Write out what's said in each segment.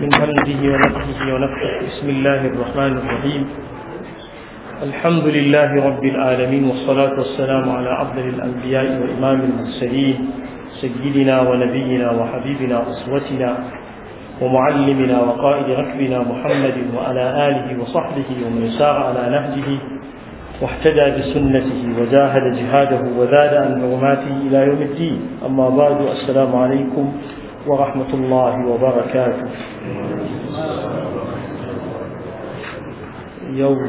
من همزه ونفخه ونفخه بسم الله الرحمن الرحيم الحمد لله رب العالمين والصلاة والسلام على أفضل الأنبياء وإمام المرسلين سيدنا ونبينا وحبيبنا أسوتنا ومعلمنا وقائد ركبنا محمد وعلى آله وصحبه ومن سار على نهجه واحتدى بسنته وجاهد جهاده وزاد عن نغماته إلى يوم الدين أما بعد السلام عليكم ورحمة الله وبركاته يوم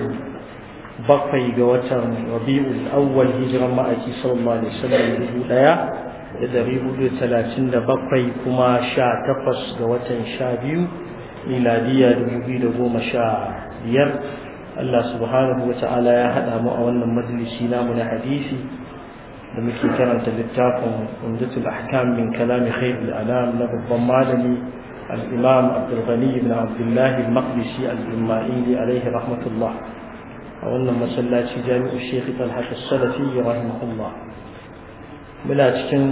بقي جواتر ربيع الأول هجرة مأتي صلى الله عليه وسلم الأولى لدريب الثلاثين بقي كما شاء تقص جواتر شابيو ميلادية لمبيد وما شاء بير الله سبحانه وتعالى يهدى مؤونا مجلسنا من حديثي da muke karanta littafin umdatul ahkam min kalami khair al-alam na babban malami al-imam abdul ghani ibn abdullah al-maqdisi al-immaili alayhi rahmatullah a wannan masallaci jami'u shaykh talhat as-salafi rahimahullah muna cikin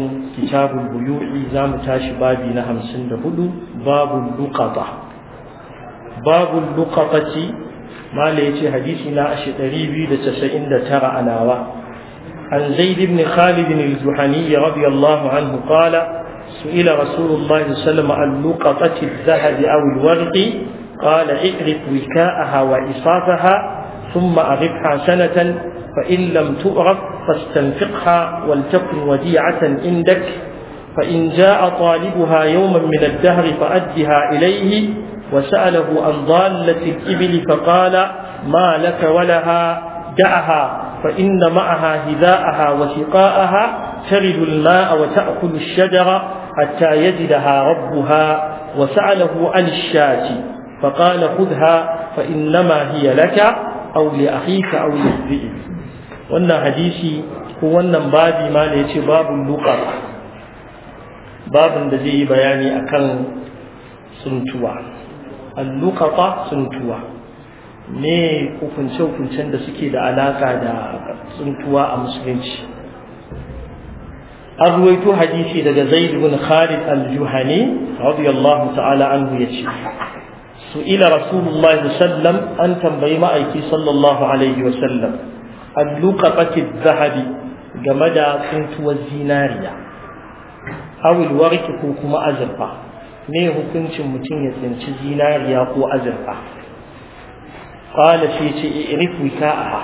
kitabul buyu'i zamu tashi babi na 54 babul luqata babul luqatati mala da hadisi da tara a nawa عن زيد بن خالد الجحني رضي الله عنه قال سئل رسول الله صلى الله عليه وسلم عن لقطة الذهب أو الورق قال اعرف وكاءها وإصافها ثم أغبها سنة فإن لم تؤرف فاستنفقها ولتكن وديعة عندك فإن جاء طالبها يوما من الدهر فأدها إليه وسأله عن ضالة الإبل فقال ما لك ولها أبدعها فإن معها هذاءها وشقاءها ترد الماء وتأكل الشجر حتى يجدها ربها وسأله عن الشاة فقال خذها فإنما هي لك أو لأخيك أو للذئب وأن حديثي هو أن بابي ما ليش باب اللقر باب الذي بياني أكل سنتوى اللقطة سنتوى ne hukunce-hukuncen da suke da alaƙa da tsuntuwa a musulunci an ruwaito hadisi daga zaid khalid al-juhani radiyallahu ta'ala anhu ila su'ila rasulullahi sallam an tambayi ma'aiki sallallahu alaihi wa sallam an luqatati zahabi game da tsuntuwar zinariya awil warki ko kuma azurfa ne hukuncin mutum ya tsinci zinariya ko azurfa qala shi ce irif a ha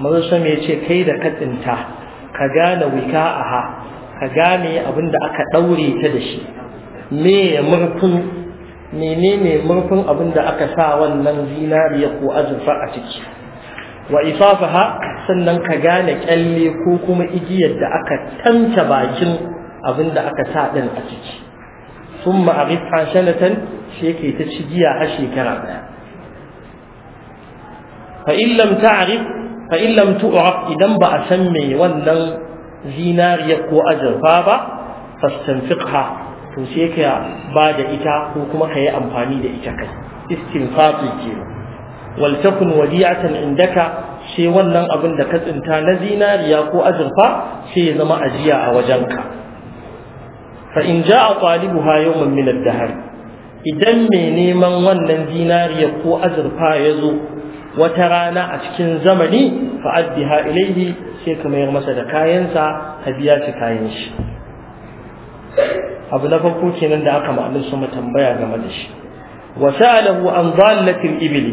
sama mai ce kai da katsinta ka gane wika a ha, ka gane abin da aka daure ta da shi me murfin menene murfin abin da aka sa wannan zinariya ko azurfa a ciki wa ha sannan ka gane kyalle ko kuma igiyar da aka tanta bakin abin da aka sa din a ciki sun ma'arif hashanatan shi yake ta cigiya a shekara daya fa in lam lam tu'raf idan ba a san me wannan zinariya ko azurfa ba fastanfiqha to sai ka ba da ita ko kuma ka yi amfani da ita kai istinfaqi ke. wal takun wadiyatan indaka sai wannan abin da ka tsinta na zinariya ko azurfa sai ya zama ajiya a wajenka fa in ja'a talibuha yawman min ad-dahr idan mai neman wannan zinariya ko azurfa ya zo wata rana a cikin zamani fa'addiha ilaihi sai ka mayar masa da kayansa ka biya shi kayan shi abu na farko kenan da aka ma'anin su tambaya game da shi wa sa'alahu an zallatil ibili,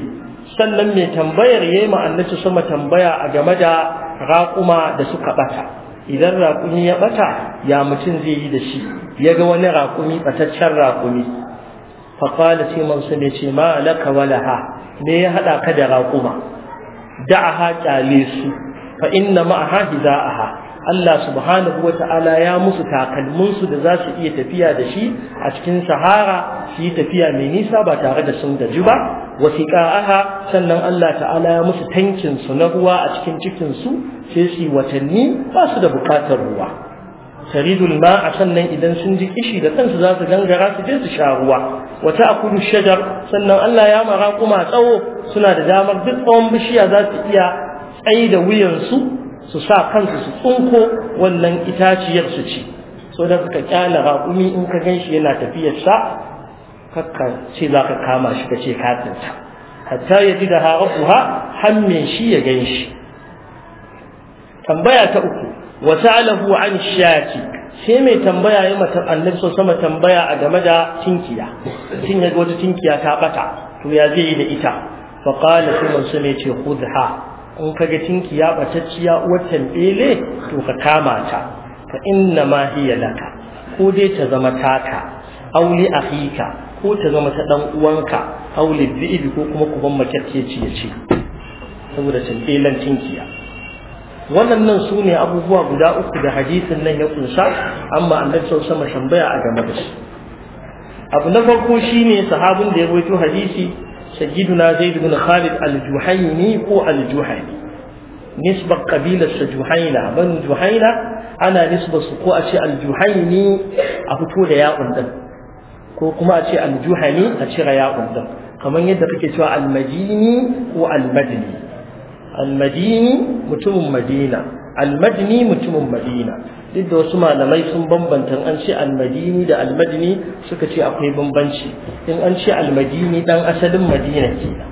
sannan mai tambayar yayi ma'annatu sama tambaya a game da raƙuma da suka bata idan raƙumi ya bata ya mutum zai yi da shi ya ga wani raƙumi bataccen raƙumi faqala sai man sai ce ma laka walaha me ya hada ka da raƙuma da'aha kyale su fa inna ma'aha hiza'aha Allah subhanahu wa ta'ala ya musu takalmin su da za su iya tafiya da shi a cikin sahara su yi tafiya mai nisa ba tare da sun gaji ba aha sannan Allah ta'ala ya musu tankin su na ruwa a cikin cikin su sai su watanni ba su da bukatar ruwa taridul ma a sannan idan sun ji kishi da kansu za su gangara su je su sha ruwa wata akulu shajar sannan Allah ya mara kuma tsawo suna da damar duk tsawon bishiya za su iya tsayi da wuyansu su sa kansu su tsunko wannan itaciyar su ci so da suka kyala raƙumi in ka ganshi yana tafiyarsa kakka ce za ka kama shi ka ce katinta hatta ya ji da ha hammin shi ya ganshi. shi tambaya ta uku wa sa'alahu an shati sai mai tambaya ya mata annabi sama tambaya a game da tinkiya tin ya ga wata tinkiya ta bata to ya zai yi da ita fa qala sunan su mai ce khudha in kaga tinkiya batacciya uwar tambele to ka kama ta fa inna ma hiya laka ko dai ta zama taka auli akhika ko ta zama ta dan uwanka auli bi'i ko kuma kuban makacce ce ce saboda tambelan tinkiya waɗannan su ne abubuwa guda uku da hadisin nan ya kunsa amma annabi sau sama tambaya a game da su abu na farko shine sahabin da ya rawaito hadisi sayyiduna zaid zai khalid al-juhayni ko al-juhayni nisbar sa juhaina ban juhaina ana nisbar su ko a ce al-juhaini a fito da ya'un din ko kuma a ce al a cire ya'un din kamar yadda kake cewa al-madini ko al-madini Almadini mutumin madina Almadini mutumin madina duk da wasu malamai sun bambanta an ce al da al suka ce akwai bambanci in an ce al dan asalin madina kenan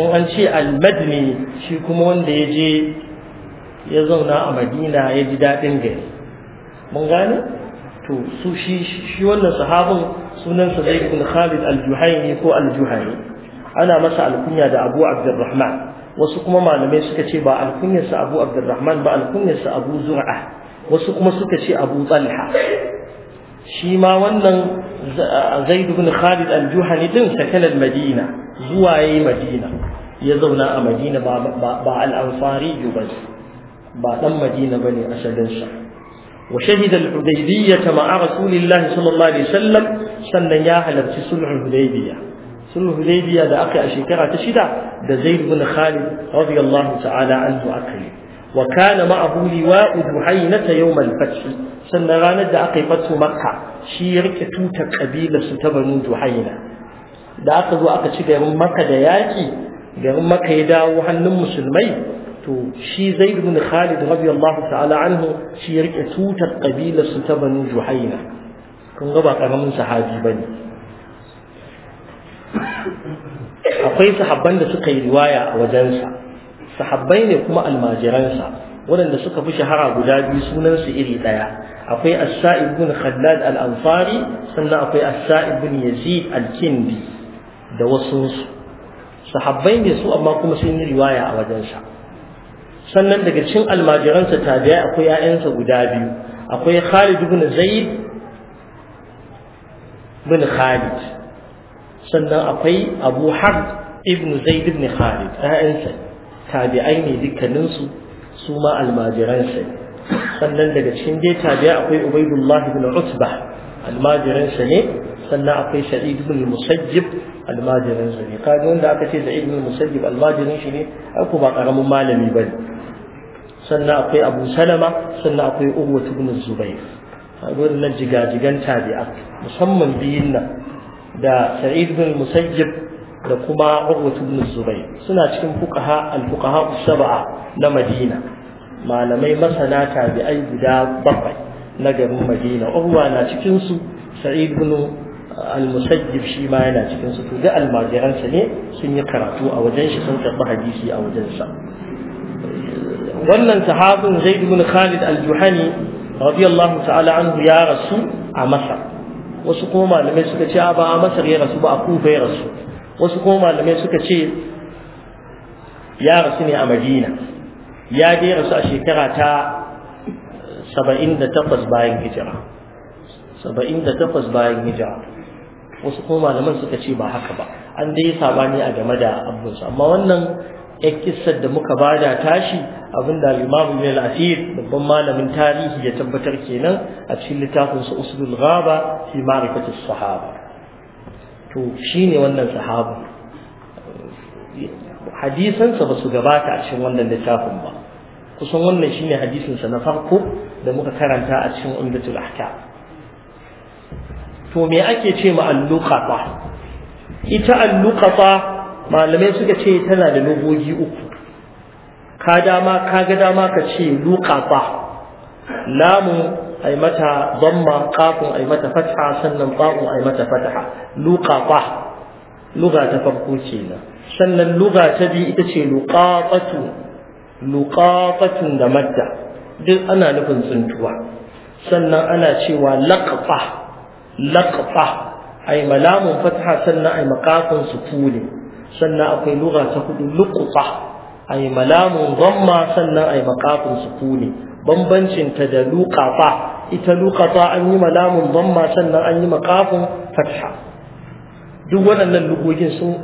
in an ce al shi kuma wanda ya je ya zauna a madina ya ji daɗin gari mun gane to su shi shi wannan sahabin sunansa zai bin khalid al ne ko al ana masa alkunya da abu abdurrahman wasu kuma malamai suka ce ba alkunyarsa abu abdurrahman ba alkunyarsa abu zur'a wasu kuma suka ce abu talha shi ma wannan zaid ibn khalid al-juhani din sakanar madina zuwa yayi madina ya zauna a madina ba al-ansari ba ba dan madina bane asalin sa wa shahida al-hudaybiyya ma'a rasulillahi sallallahu alaihi wasallam sannan ya halarci sulhul hudaybiyya sulhu hudaybiya da aka yi a shekara ta shida da zaid bin khalid radiyallahu ta'ala anhu aka yi wa kana ma'ahu liwa'u duhainata yawm al-fath sannan ranar da aka yi fatu makka shi ya rike tutar kabilar su ta banu duhaina da aka zo aka ci garin makka da yaki garin makka ya dawo hannun musulmai to shi zaid bin khalid radiyallahu ta'ala anhu shi ya rike tutar kabilar su ta banu duhaina kun ga ba karamin sahabi bane akwai sahabban da suka yi riwaya a wajensa sahabbai ne kuma almajiransa waɗanda suka fi shahara guda biyu sunansu iri ɗaya akwai as-sa'ib khallad al-ansari sannan akwai as-sa'ib yazid al-kindi da wasu sahabbai ne su amma kuma sun yi riwaya a wajensa sannan daga cikin almajiransa tabi'a akwai 'ya'yansa guda biyu akwai khalid bin zaid bin khalid sannan akwai abu har ibn zaid ibn khalid ɗayansa tabi'ai ne dukkaninsu su ma almajiransa sannan daga cikin dai tabi'a akwai ubaidullah ibn utba almajiransa ne sannan akwai sa'id ibn musajjib almajiransa ne kaga wanda aka ce sa'id ibn musajjib almajirin shi ne aku ba karamin malami bane sannan akwai abu salama sannan akwai urwatu ibn zubair a gurin nan jigajigan tabi'a musamman biyun nan da sa'id bin musayyib da kuma urwatu bin zubair suna cikin fuqaha al-fuqaha sab'a na madina malamai masana tabi'ai guda bakwai na garin madina urwa na cikin su sa'id bin uh, al-musayyib shi ma yana cikin su to da almajiransa ne sun yi karatu a wajen shi sun karɓi hadisi a wajen sa wannan sahabin zaid bin khalid al-juhani radiyallahu ta'ala anhu ya rasu a masar wasu kuma malamai suka ce ba a masar ya rasu ba a kufa ya rasu wasu kuma malamai suka ce ya rasu ne a madina ya dai rasu a shekara ta saba'in da takwas bayan hijira saba'in da takwas bayan hijira wasu kuma malaman suka ce ba haka ba an dai sabani a game da abinsu amma wannan ya kissar da muka bada tashi abinda al-imam ibn al-asir babban malamin tarihi ya tabbatar kenan a cikin littafin sa usulul ghaba fi ma'rifati sahaba to shine wannan sahaba hadisan sa basu gabata a cikin wannan littafin ba kusan wannan shine hadisin sa na farko da muka karanta a cikin umdatul ahkam to me ake ce ma al-luqata ita al-luqata malamai suka ce tana da lugogi uku ka dama ka ga dama ka ce luƙafa lamu ai mata zamma kafin ai mata fatha sannan ba'un ai mata fatha luqafa luga ta farko na, sannan luga ta bi ita ce luqaqatu luqaqatun da madda duk ana nufin tsuntuwa sannan ana cewa laqfa laqfa ai malamun fatha sannan ai makafin sukuni sannan akwai lura ta hudu a yi malamun dhamma sannan ay maqafun kune. Banbancin ta da lukafa ita lukafa an yi malamun dhamma sannan an yi makafin fatha duk waɗannan lugogin sun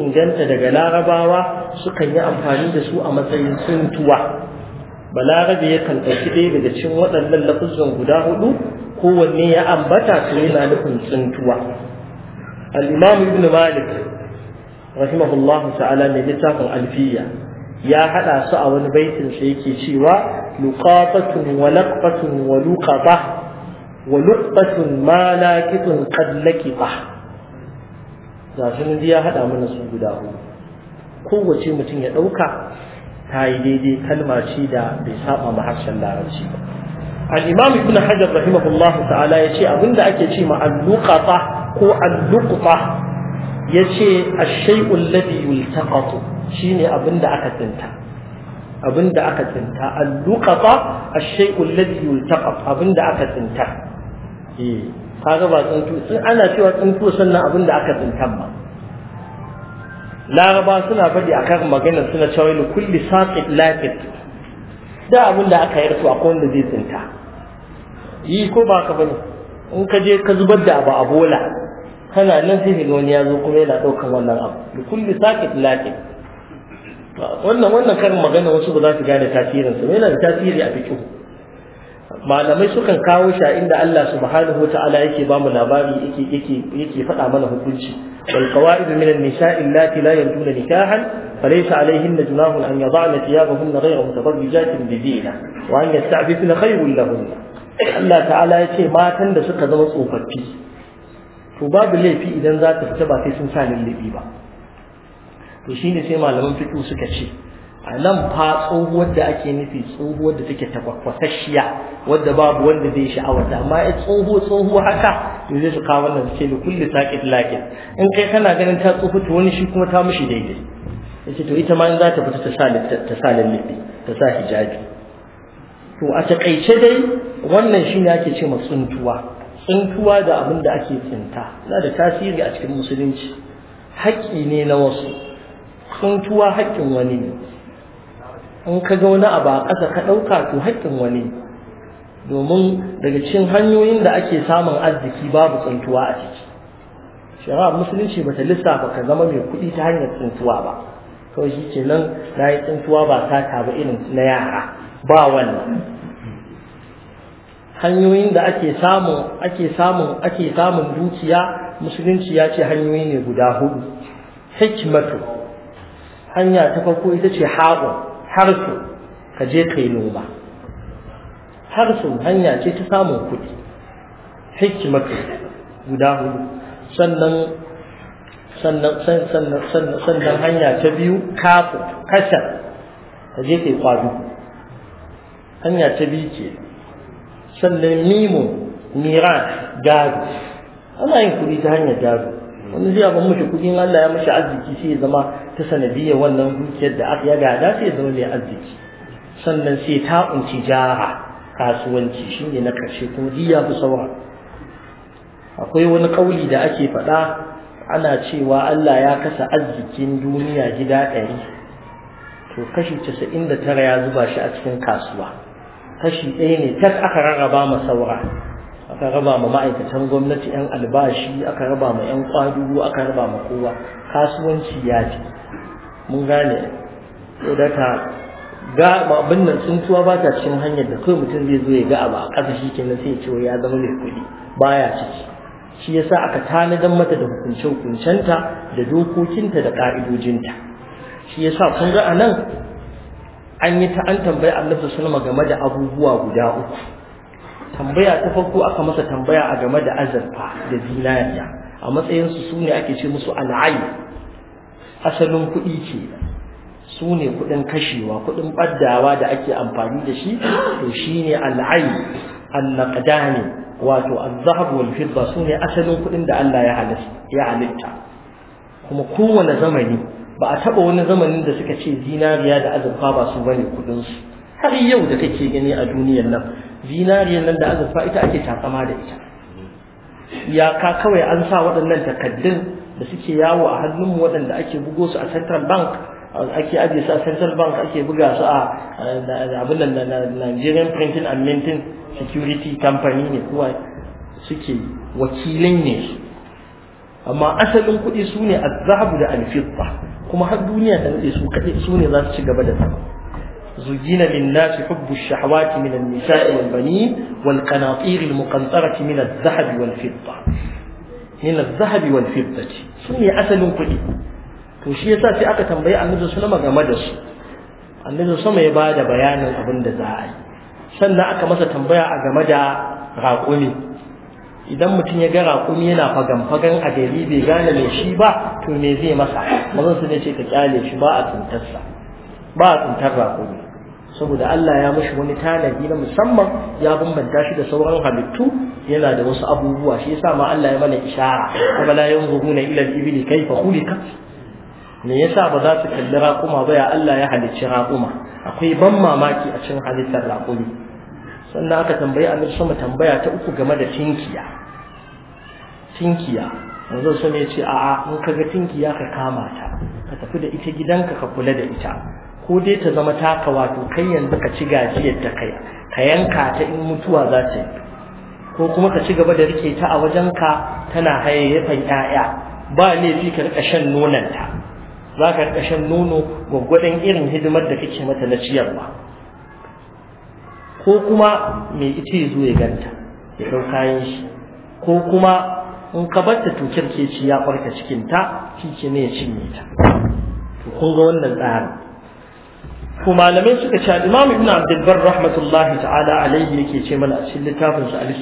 inganta daga larabawa sukan yi amfani da su a matsayin suntuwa balarabe yakan ɗauki ɗaya daga cikin waɗannan lafuzan guda hudu kowanne ya ambata su yana nufin tsintuwa al-imam ibn malik rahimahullahu ta'ala mai littafin alfiya ya hada su a wani baitin sa yake cewa luqatatun wa laqatun wa luqata wa luqatun ma laqitun qad ya hada mana su guda huɗu kowace mutum ya dauka ta yi daidai kalma ce da bai saba ma harshen larabci ba al-imam ibn hajar rahimahullahu ta'ala yace abinda ake ce ma al-luqata ko al-luqta ya ce a ashai'ul ladhi yultaqatu shine abinda aka tsinta abinda aka tsinta al-luqata ashai'ul ladhi yultaqat abinda aka tsinta eh kaga ba sun ana cewa tsinto sannan abinda aka tsinta ba laraba suna faɗi a kan maganar suna cewa ni kulli saƙi laqit da abin da aka yarsu akwai wanda zai tsinta yi ko ba ka bane in ka je ka zubar da abu a bola kana nan sai ga wani ya zo kuma yana ɗaukar wannan abu da kulli sakit lakin wannan wannan karin magana wasu ba za su gane tasirinsa yana da tasiri a fikihu malamai sukan kawo shi inda Allah subhanahu ta'ala yake ba mu labari yake yake yake faɗa mana hukunci wal qawaid min an nisa'i allati la yantuna nikahan falaysa alayhinna junahun an yad'na thiyabahunna ghayra mutabarrijatin bi zina wa an yasta'fifna khayrun lahunna Allah ta'ala yace matan da suka zama tsofaffi to babu laifi idan za ta fita ba sai sun sa lullubi ba to shine sai malaman fiqh suka ce a nan fa tsohuwar da ake nufi tsohuwar da take takwakwasasshiya wadda babu wanda zai sha'awar ta amma ya tsoho tsoho haka to zai su kawo wannan ce da kulli saqit laqit in kai kana ganin ta tsoho to wani shi kuma ta mishi daidai yace to ita ma in za ta fita ta sa ta ta sa hijabi to a taƙaice dai wannan shi shine ake ce ma tsuntuwa tsintuwa da abin da ake tsinta na da tasiri a cikin musulunci haƙƙi ne na wasu tuwa haƙƙin wani ne in ka ga wani abu a ƙasa ka ɗauka to haƙƙin wani ne domin daga cikin hanyoyin da ake samun arziki babu tsintuwa a ciki shari'ar musulunci ba bata lissafa ka zama mai kuɗi ta hanyar tsintuwa ba kawai shi nan na yi tsintuwa ba ta ba irin na yara ba wannan hanyoyin da ake samun ake samu ake samun dukiya musulunci ya ce hanyoyi ne guda hudu hikmatu hanya ta farko ita ce haɗin harsu ka je ka yi noma harsun hanya ce ta samun kuɗi hikmatu guda hudu sannan sannan sannan sannan sannan hanya ta biyu kafu kasha ka je ka yi kwado hanya ta biyu ke sannan mimu miran gado ana yin kuɗi ta hanyar gado wani zai abin mashi kuɗin Allah ya mashi arziki sai ya zama ta sanadiyar wannan dukiyar da aka ya gada sai ya zama mai arziki sannan sai ta unci jara kasuwanci shi ne na ƙarshe kuma ya fi saura akwai wani ƙauli da ake faɗa ana cewa Allah ya kasa arzikin duniya gida ɗari to kashi casa'in da tara ya zuba shi a cikin kasuwa kashi ɗaya ne tas aka rarraba ma saura aka raba ma ma'aikatan gwamnati 'yan albashi aka raba ma 'yan kwadugo aka raba ma kowa kasuwanci ya ce mun gane da ta ga abin nan tsuntuwa ba ta cikin hanyar da kai mutum zai zo ya ga abu a ƙasa shi kenan sai ya ce ya zama mai kuɗi baya ciki shi yasa aka tanadan mata da hukunce hukuncenta da dokokinta da ƙa'idojinta shi yasa kun ga anan an yi ta an tambaya annabi sallallahu game da abubuwa guda uku tambaya ta farko aka masa tambaya a game da azurfa da zinariya a matsayin su sune ake ce musu al'ayi asalin kuɗi ke su ne kuɗin kashewa kuɗin ɓaddawa da ake amfani da shi to shine al'ayi annaqdani wato az-zahab wal fidda su asalin kuɗin da Allah ya halitta kuma kowane zamani ba a taba wani zamanin da suka ce zinariya da azurfa ba su bane kudin su har yau da kake gani a duniyar nan zinariyar nan da azurfa ita ake takama da ita Ya ka kawai an sa waɗannan takaddun da suke yawo a hannunmu waɗanda ake bugo su a central bank ake ajiye su a central bank ake buga su a abin nan nigerian printing and minting security company ne kuwa suke wakilin ne amma asalin kuɗi su ne zahabu da alfitta kuma har duniya ta nutse su kaɗai su ne za su ci gaba da sama zujina lin nasi hubbu shahwati min nisai wal banin wal qanatir al muqantarati min adh-dhahabi wal fidda min adh-dhahabi wal asalin kuɗi to shi yasa sai aka tambayi annabi sallama game da su annabi sallama ya bada bayanin abin da za a yi sannan aka masa tambaya a game da raƙumi idan mutum ya ga raƙumi yana fagan fagan a gari bai gane mai shi ba to me zai masa mazan su ne ce ka kyale shi ba a tuntarsa ba a tsuntar raƙumi saboda Allah ya mashi wani tanadi na musamman ya bambanta shi da sauran halittu yana da wasu abubuwa shi yasa ma Allah ya mana ishara kuma la yanzuruna ila al kai kuli ka. me yasa ba za su kalli raƙuma ba ya Allah ya halicci raƙuma akwai ban mamaki a cikin halittar raƙumi sannan aka tambayi annabi sama tambaya ta uku game da tinkiya tinkiya manzo sun ya ce a'a in ka ga tinkiya ka kama ta ka tafi da ita gidanka ka kula da ita ko dai ta zama taka wato kai yanzu ka ci gajiyar ta kai ka yanka ta in mutuwa za ta yi ko kuma ka ci gaba da rike ta a wajenka tana hayayyafan 'ya'ya ba ne laifi ka rika shan ta za ka rika shan nono gwaggwadon irin hidimar da kake mata na ciyarwa ko kuma mai ya zo ya ganta ya ɗau kayan shi ko kuma in ka barta to keci ya farka cikin ta shi ne ya cinye ta to kun ga wannan tsarin ko malamai suka ce Imam Ibn Abdul rahmatullahi ta'ala alayhi yake ce mana a cikin littafin sa al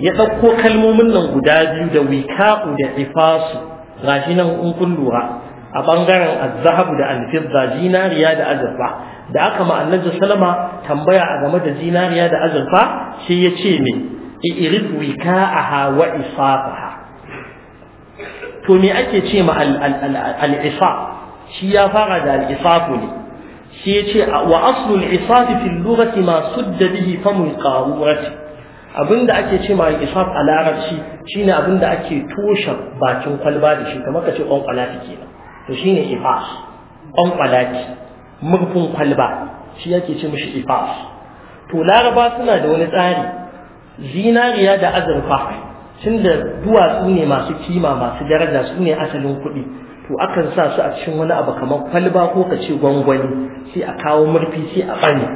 ya dauko kalmomin nan guda biyu da wika'u da ifasu gashi nan in kun lura a bangaren az-zahabu da al-fidda da azurfa da aka ma annabi Salama tambaya a game da zinariya da azurfa sai ya ce me irid wika'aha wa isafaha to me ake ce ma al shi ya fara da al ne shi ya ce wa asu al-isaf fi lughati ma sudda bihi famun qawurati abinda ake ce ma al a larabci shine abinda ake toshe bakin kwalba da shi kamar kace kwankwala kenan to shine ifas kwankwala murfin kwalba shi yake ce mishi ifas to laraba suna da wani tsari zinariya da azurfa tun da duwatsu ne masu kima masu daraja su ne asalin kuɗi to akan sa su a cikin wani abu kamar kwalba ko ka ce gwangwani sai a kawo murfi sai a bani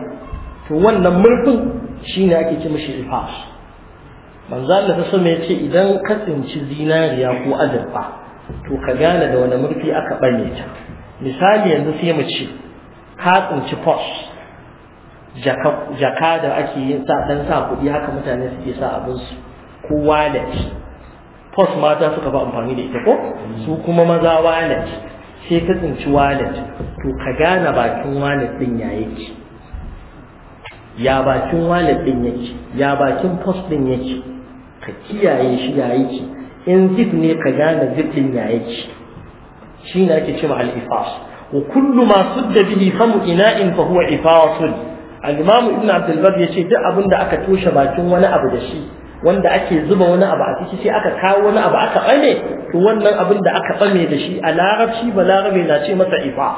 to wannan murfin shine ake ce mishi ifas manzo Allah sama ya ce idan ka tsinci zinariya ko azurfa to ka gane da wani murfi aka bane ta misali yanzu sai mu ce ka tsinci posh jaka da ake yin sa dan sa kuɗi haka mutane suke sa abin su ko wallet posh mata suka fi amfani da ita ko su kuma maza wallet sai ka tsinci wallet to ka gane bakin wallet din ya yake ya bakin wallet din yake ya bakin posh din yake ka kiyaye shi ya yake in zip ne ka gane zip din ya yake shi ne ake cewa al-ifas وكل ما صد به فم إناء فهو إفاصل الإمام ابن عبد البر يشي دع أبن دعك توش باكين وانا أبدشي وان دعك يزب وانا أبعتي شي أكا كاو وانا أبعك أمي وانا أبن دعك أمي دشي ألاغب شي بلاغب ناشي مسا إفاص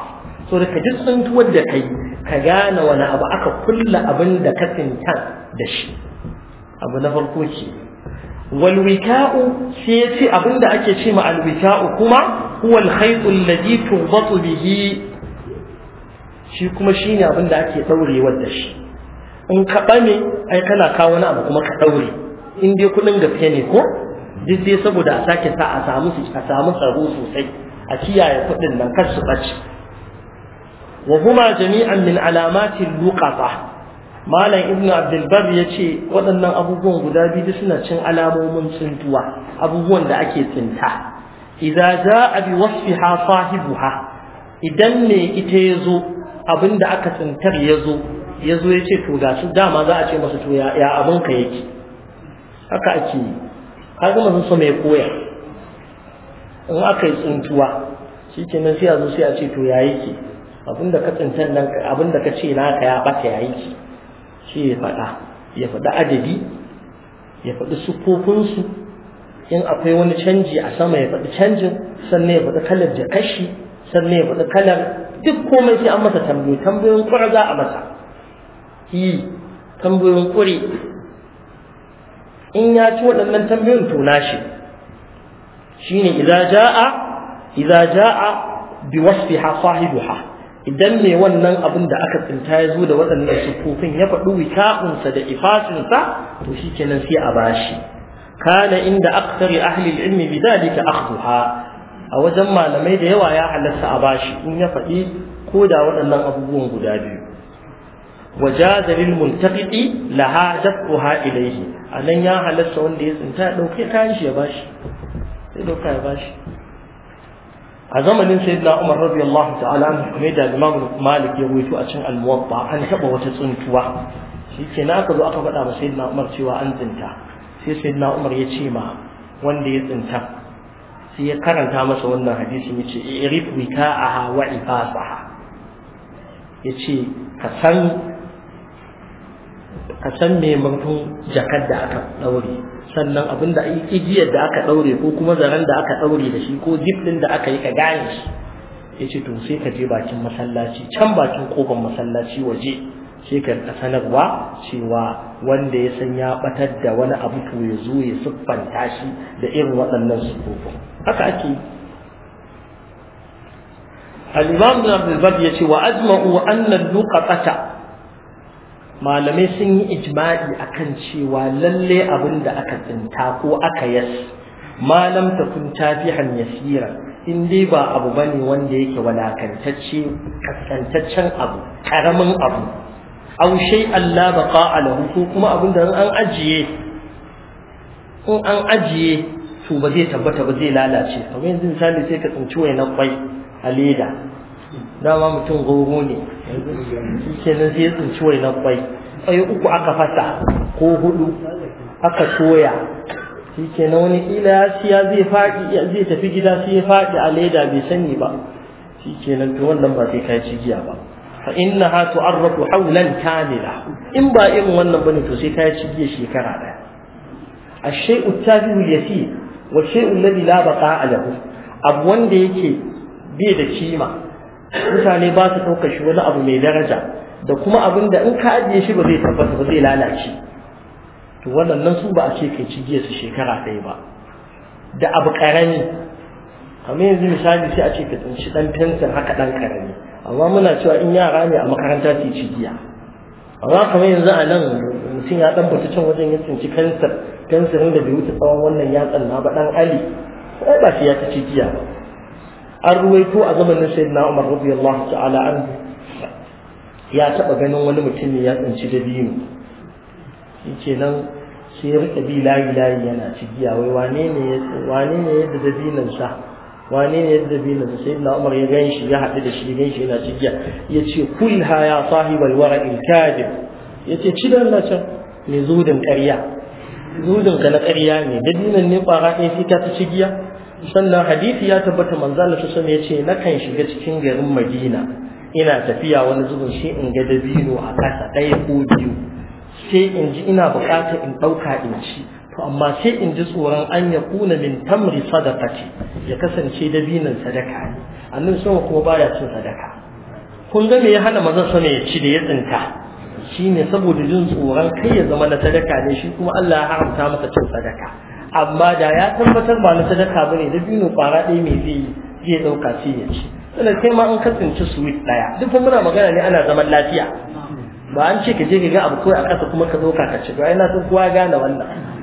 so da ka ji tsuntuwar da kai ka gane wani abu aka kulla abin da ka tsinta da shi abu na farko ce walwika'u sai ya ce abin da ake ce ma alwika'u kuma هو الخيط الذي تربط به bihi kuma shine abin da ake ɗaure da shi in ka ne? ai kana kawo wani abu kuma ka daure in dai kudin gaske ne ko duk dai saboda a sake sa a samu a samu tsaro sosai a kiyaye kuɗin nan kar su bace wa huma jami'an min alamati luqata malam ibnu abdul bar yace waɗannan abubuwan guda biyu suna cin alamomin tsintuwa abubuwan da ake tsinta idza jaa bi wasfiha sahibuha idan ne ita yazo abinda aka tsintar yazo yazo yace to su dama za a ce masa to ya abin ka yake haka ake yi kaga mun so mai koya in aka yi tsintuwa shikenan sai a zo sai a ce to ya yake abinda ka tsintar nan abinda ka ce naka ya bata ya yake shi ya faɗa ya faɗi adadi ya faɗi siffofinsu in akwai wani canji a sama ya faɗi canjin sannan ya faɗi kalar jakashi sannan ya faɗi kalar duk komai sai an masa tambayi tambayoyin ƙura za a masa yi tambayoyin ƙuri in ya ci waɗannan tambayoyin to nashi shine idza jaa idza jaa bi wasfiha sahibuha idan mai wannan abin da aka tsinta ya zo da waɗannan sufofin ya faɗi wika'unsa da ifasinsa to shikenan sai a bashi kana inda aksari ahli ilmi bi dalika akhduha a wajen malamai da yawa ya halatta a bashi in ya faɗi ko da waɗannan abubuwan guda biyu wajaza lil muntaqidi laha dafuha ilayhi anan ya halatta wanda ya tsinta dauke kayan shi ya bashi sai dauka ya bashi a zamanin sayyidina Umar radiyallahu ta'ala anhu kuma da Imam Malik ya wuce a cikin al an taba wata tsuntuwa shikenan aka zo aka faɗa ma sayyidina Umar cewa an tsinta sai sai na umar ya ce ma wanda ya tsinta sai ya karanta masa wannan hadisin ya ce irif wika'aha wa ifasaha ya ce ka san mai murfin jakar da aka ɗaure sannan abin da igiyar da aka ɗaure ko kuma zaren da aka ɗaure da shi ko zip ɗin da aka yi ka gane shi ya ce to sai ka je bakin masallaci can bakin kofar masallaci waje sai sanarwa cewa wanda ya san ya batar da wani abu to ya zo ya siffanta shi da irin waɗannan sufofin haka ake al-imam ibn abd ya yace wa ajma'u anna al-luqata malamai sun yi ijma'i akan cewa lalle abin da aka tsinta ko aka yas malam ta kun tafihan yasira in dai ba abu bane wanda yake walakantacce kaskantaccen abu karamin abu aw shay la baqa lahu ko kuma abin da an ajiye ko an ajiye to ba zai tabbata ba zai lalace to yanzu misali sai ka tsinci wai na kwai a leda dama mutum goro ne shi kenan sai ya tsinci wai na kwai kwai uku aka fasa ko hudu aka soya shi kenan wani ila siya zai faɗi zai tafi gida sai ya faɗi a leda bai sani ba shi kenan to wannan ba sai kai giya ba fa innaha tu'arrafu hawlan kamila in ba in wannan bane to sai ci cige shekara daya ashay shayu at yasir wa shay alladhi la baqa lahu abu wanda yake bai da cima mutane ba su dauka shi wani abu mai daraja da kuma abin da in ka ajiye shi ba zai tabbata ba zai lalace to nan su ba a ce kai cige su shekara daya ba da abu ƙarami kamar yanzu misali sai a ce ka tsinci ɗan fensin haka ɗan karami amma muna cewa in yara ne a makaranta su ci giya amma kamar yanzu a nan mutum ya dan fita can wajen ya tsinci kansar kansarin da bai wuce tsawon wannan yatsan na ba dan ali sai ba shi ya ci giya an ruwaito a zamanin sayyidina Umar radiyallahu ta'ala an ya taba ganin wani mutum ne ya tsinci da biyu nan sai ya riƙa bi layi layi yana ci wai wane ne ya wane ne ya da dabinan sa wane ne da bi da sai na umar ya ganshi ya haɗu da shi ya gan yana cigiya ya ce ha ya sahibal wara'il kadib ya ci da Allah can mai zudun ƙarya zudun ka na ƙarya ne dinan ne ƙwara ɗaya sai ka ta cikiya sannan hadisi ya tabbata manzo Allah sallallahu ya ce na kan shiga cikin garin Madina ina tafiya wani zubin shi in ga dabino a kasa ɗaya ko biyu sai in ji ina buƙatar in ɗauka in ci to amma sai in ji tsoron an ya kuna min tamri sadaqati ya kasance dabinin sadaka ne annan sama kuma baya cin sadaka kun ga me ya hana mazan sama ya ci da ya tsinta shine saboda jin tsoron kai ya zama na sadaka ne shi kuma Allah ya haramta masa cin sadaka amma da ya tabbatar ba na sadaka bane dabinin kwara ɗaya mai zai zai dauka sai ya ci sannan kai ma an kasance wit daya duk muna magana ne ana zaman lafiya ba an ce ka je ka ga abu kawai a ƙasa kuma ka zo ka ci ba ina san kowa gane wannan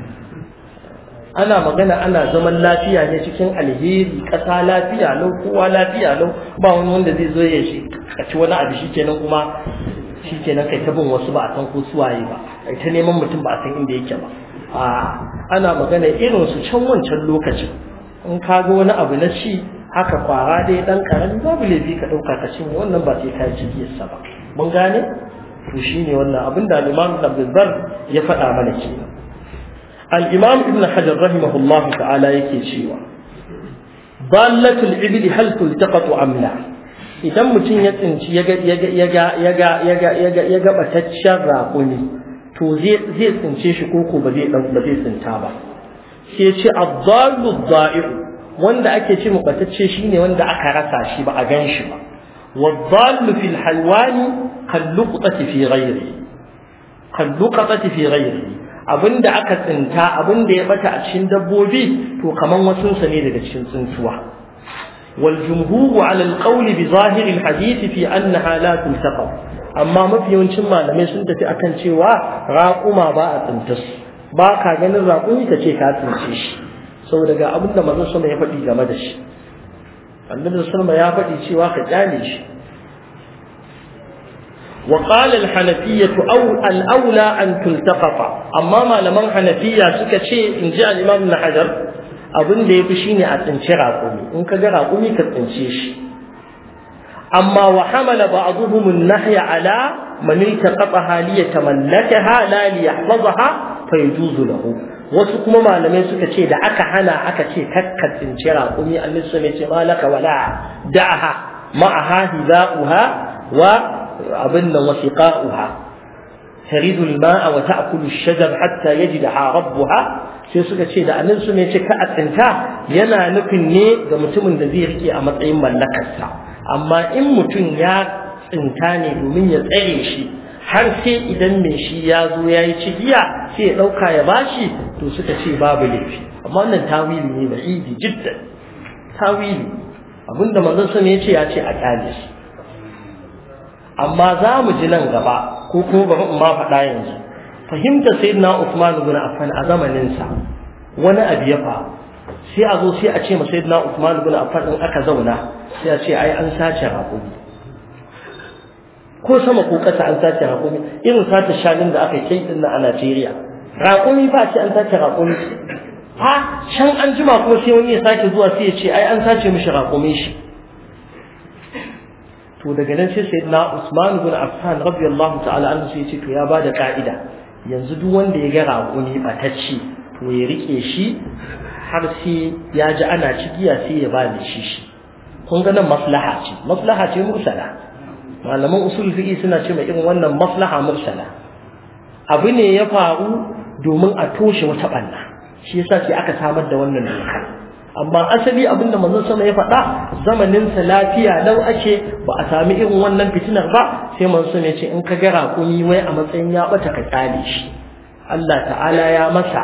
ana magana ana zaman lafiya ne cikin alheri ƙasa lafiya lau kowa lafiya lau ba wani wanda zai zo ya shi a ci wani abu shi kenan kuma shi kenan kai ta bin wasu ba a san ko waye ba kai ta neman mutum ba a san inda yake ba a ana magana irin su can wancan lokacin in ka ga wani abu na ci haka kwara dai dan karami babu laifi ka dauka ka cin wannan ba sai ka ci yassa ba mun gane to shine wannan abin da Imam Abdul Bar ya faɗa mana kenan al-imam ibn hajar rahimahullahu ta'ala yake cewa Ballatul ibli hal tultaqatu amla idan mutum ya tsinci ya ya ga raƙumi to zai tsince shi koko ba zai ba zai tsinta ba sai ce ad-dallu da'iu wanda ake ce mubatacce shine wanda aka rasa shi ba a gan shi ba والضال في الحيوان كاللقطة في غيره كاللقطة في abinda aka tsinta abinda ya bata a cikin dabbobi to kaman wasu sa ne daga cikin tsintuwa wal jumhuru ala al qawli bi zahir al hadith fi annaha la tuntaqab amma mafi yawancin malamai sun tafi akan cewa raquma ba a tsinta ba ka ganin raƙumi ka ce ka tsince shi saboda ga abinda manzon sama ya faɗi game da shi annabi sallallahu alaihi wasallam ya faɗi cewa ka kyale shi وقال الحنفية أو الأولى أن تلتقط أما ما لمن حنفية سكتشي إن جاء الإمام ابن حجر أظن دي بشيني أتنشي راقومي إن كجا راقومي كتنشيش أما وحمل بعضهم النهي على من التقطها ليتملكها لا ليحفظها فيجوز له wasu kuma malamai suka ce da aka hana aka ce kakka tsinci raƙumi annabi sai ce malaka wala da'aha ma'aha hida'uha wa abin nan wasiqa'uha taridu al-ma'a Kulu ta'kulu ash-shajar hatta yajidha rabbuha sai suka ce da annin su ne ce ka a tsinta yana nufin ne ga mutumin da zai rike a matsayin mallakarsa amma in mutum ya tsinta ne domin ya tsare shi har sai idan mai shi ya zo ya yi cigiya sai ya ɗauka ya bashi to suka ce babu laifi amma wannan tawili ne da idi jiddan tawili abinda manzon sun ya ce ya ce a kyale shi amma za mu ji nan gaba ko ko bari mu ma faɗa yanzu fahimta sayyidina Uthman ibn Affan a zamanin sa wani abu ya faru sai a zo sai a ce ma sayyidina Uthman ibn Affan in aka zauna sai a ce ai an sace hakuri ko sama ko ƙasa an sace hakuri irin sace shanin da aka kai din a Najeriya raƙumi ba ce an sace raƙumi ha can an jima kuma sai wani ya sake zuwa sai ya ce ai an sace mishi raƙumi shi to daga nan sai sai na Usman bin Affan radiyallahu ta'ala anhu sai ce to ya bada ka'ida yanzu duk wanda ya ga raƙuni batacci to ya rike shi har sai ya ji ana cigiya sai ya ba shi shi kun ga nan maslaha ce maslaha ce mursala malaman usul fiqi suna ce irin wannan maslaha mursala abu ne ya faru domin a toshe wata banna shi yasa sai aka samar da wannan doka amma asali abinda manzon sama ya faɗa zamanin sa lafiya lau ake ba a sami irin wannan fitinar ba sai manzon ya ce in ka ga rakumi wai a matsayin ya bata ka tsale shi Allah ta'ala ya masa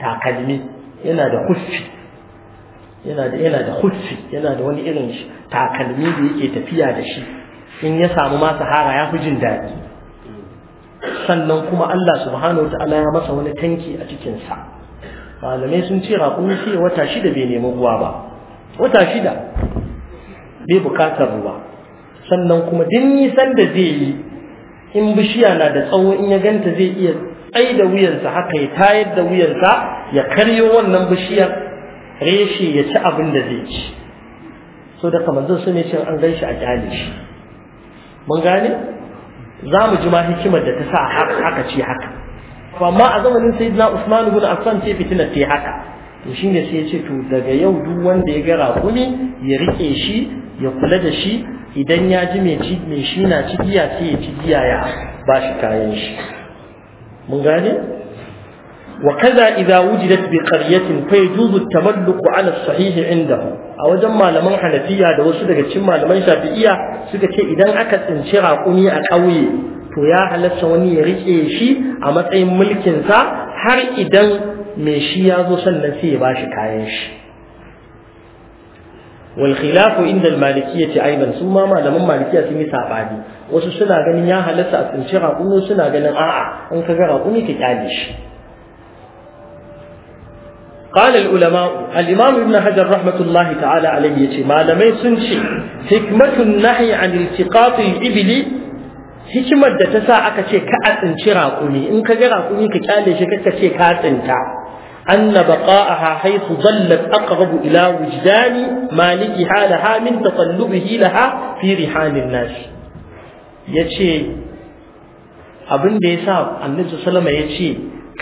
takalmi yana da kuffi yana da yana da kuffi yana da wani irin shi takalmi da yake tafiya da shi in ya samu ma sahara ya fi jin daɗi sannan kuma Allah subhanahu wa ta'ala ya masa wani tanki a cikinsa malamai sun ce raƙumi ce wata shida bai nemi ruwa ba wata shida bai bukatar ruwa sannan kuma din nisan da zai yi in bishiya na da tsawo in ya ganta zai iya tsai da wuyansa haka ya tayar da wuyansa ya karyo wannan bishiyar reshe ya ci abin da zai ci so da kamar zan sun ce an ganshi a kyale shi mun gane za mu ji ma hikimar da ta sa haka ce haka to amma a zamanin sayyidina Usman ibn Affan sai fitina ce haka to shine sai ya ce to daga yau duk wanda ya ga rakumi ya rike shi ya kula da shi idan ya ji mai ci mai shi na ci giya sai ya ci giya ya ba shi kayan shi mun gane wa kaza idza wujidat bi qaryatin fa yajuzu at-tamalluq ala as-sahih indahu a wajen malaman hanafiya da wasu daga cikin malaman shafi'iya suka ce idan aka tsinci raƙumi a ƙauye to ya halatta wani ya riƙe shi a matsayin mulkinsa har idan mai shi ya zo sannan sai ya bashi kayan shi wal khilafu inda al-malikiyyati aidan su ma malaman malikiya sun yi sabani wasu suna ganin ya halatta a tsinci raƙumi suna ganin a'a in ka ga raƙumi ka kyale shi قال العلماء الإمام ابن حجر رحمة الله تعالى عليه ما لم يسنش حكمة النهي عن التقاط الإبل hikimar da ta sa aka ce ka a tsinci raƙumi in ka ga raƙumi ka kyale shi ka ce ka tsinta anna baqa'aha haythu dallat aqrabu ila wujdani maliki halaha min tatallubihi laha fi rihanin nas yace abin da yasa annabi sallama yace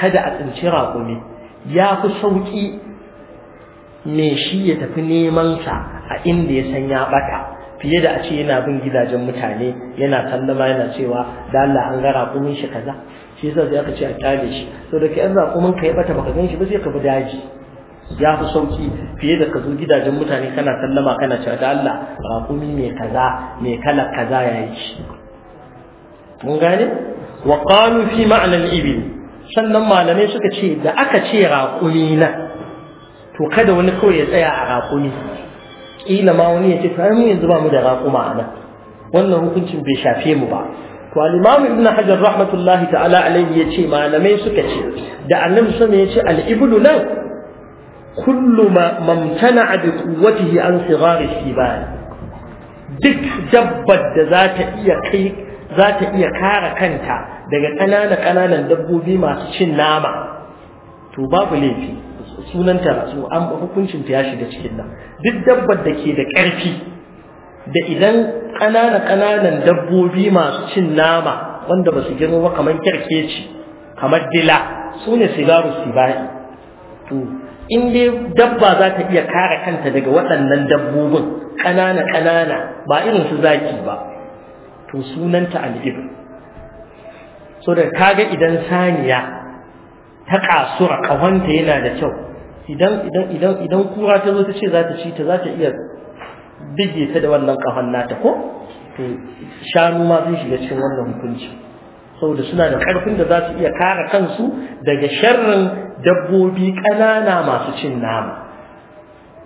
kada a tsinci raƙumi ya fi sauki me shi ya tafi neman sa a inda ya san ya bata fiye da a ce yana bin gidajen mutane yana sallama yana cewa da Allah an ga raƙumin shi kaza shi yasa sai aka ce a tare shi to da kai an raƙumin ka ya bata baka gan shi ba sai ka bi daji ya fi sauki fiye da ka zo gidajen mutane kana sallama kana cewa da Allah raƙumi mai kaza mai kala kaza yayi shi mun gane wa qalu fi ma'na al-ibil sannan malamai suka ce da aka ce raƙumi na to kada wani kawai ya tsaya a raƙumi kila ma wani ya ce to mu yanzu ba mu da raƙuma a nan wannan hukuncin bai shafe mu ba to al-imam ibn hajar rahmatullahi ta'ala alaihi yace malamai suka ce da annabi sama yace al-iblu nan kullu ma mamtana'a bi quwwatihi an sighari siban duk dabbar da za ta iya kai za ta iya kare kanta daga ƙanana ƙananan dabbobi masu cin nama to babu laifi sunanta su an hukuncin ta ya shiga cikin nan duk dabbar da ke da ƙarfi da idan ƙanana ƙananan dabbobi masu cin nama wanda ba su girma ba kamar kyarkeci kamar dila su ne sigaru to in dai dabba za ta iya kare kanta daga waɗannan dabbobin ƙanana ƙanana ba irin su zaki ba to sunanta al'ibr so da kaga idan saniya ta kasura kawanta yana da kyau idan idan idan idan kura ta zo ta ce za ta ci ta za ta iya bige ta da wannan kafan nata ko to shanu ma sun shiga cikin wannan hukunci saboda suna da karfin da za su iya kare kansu daga sharrin dabbobi ƙanana masu cin nama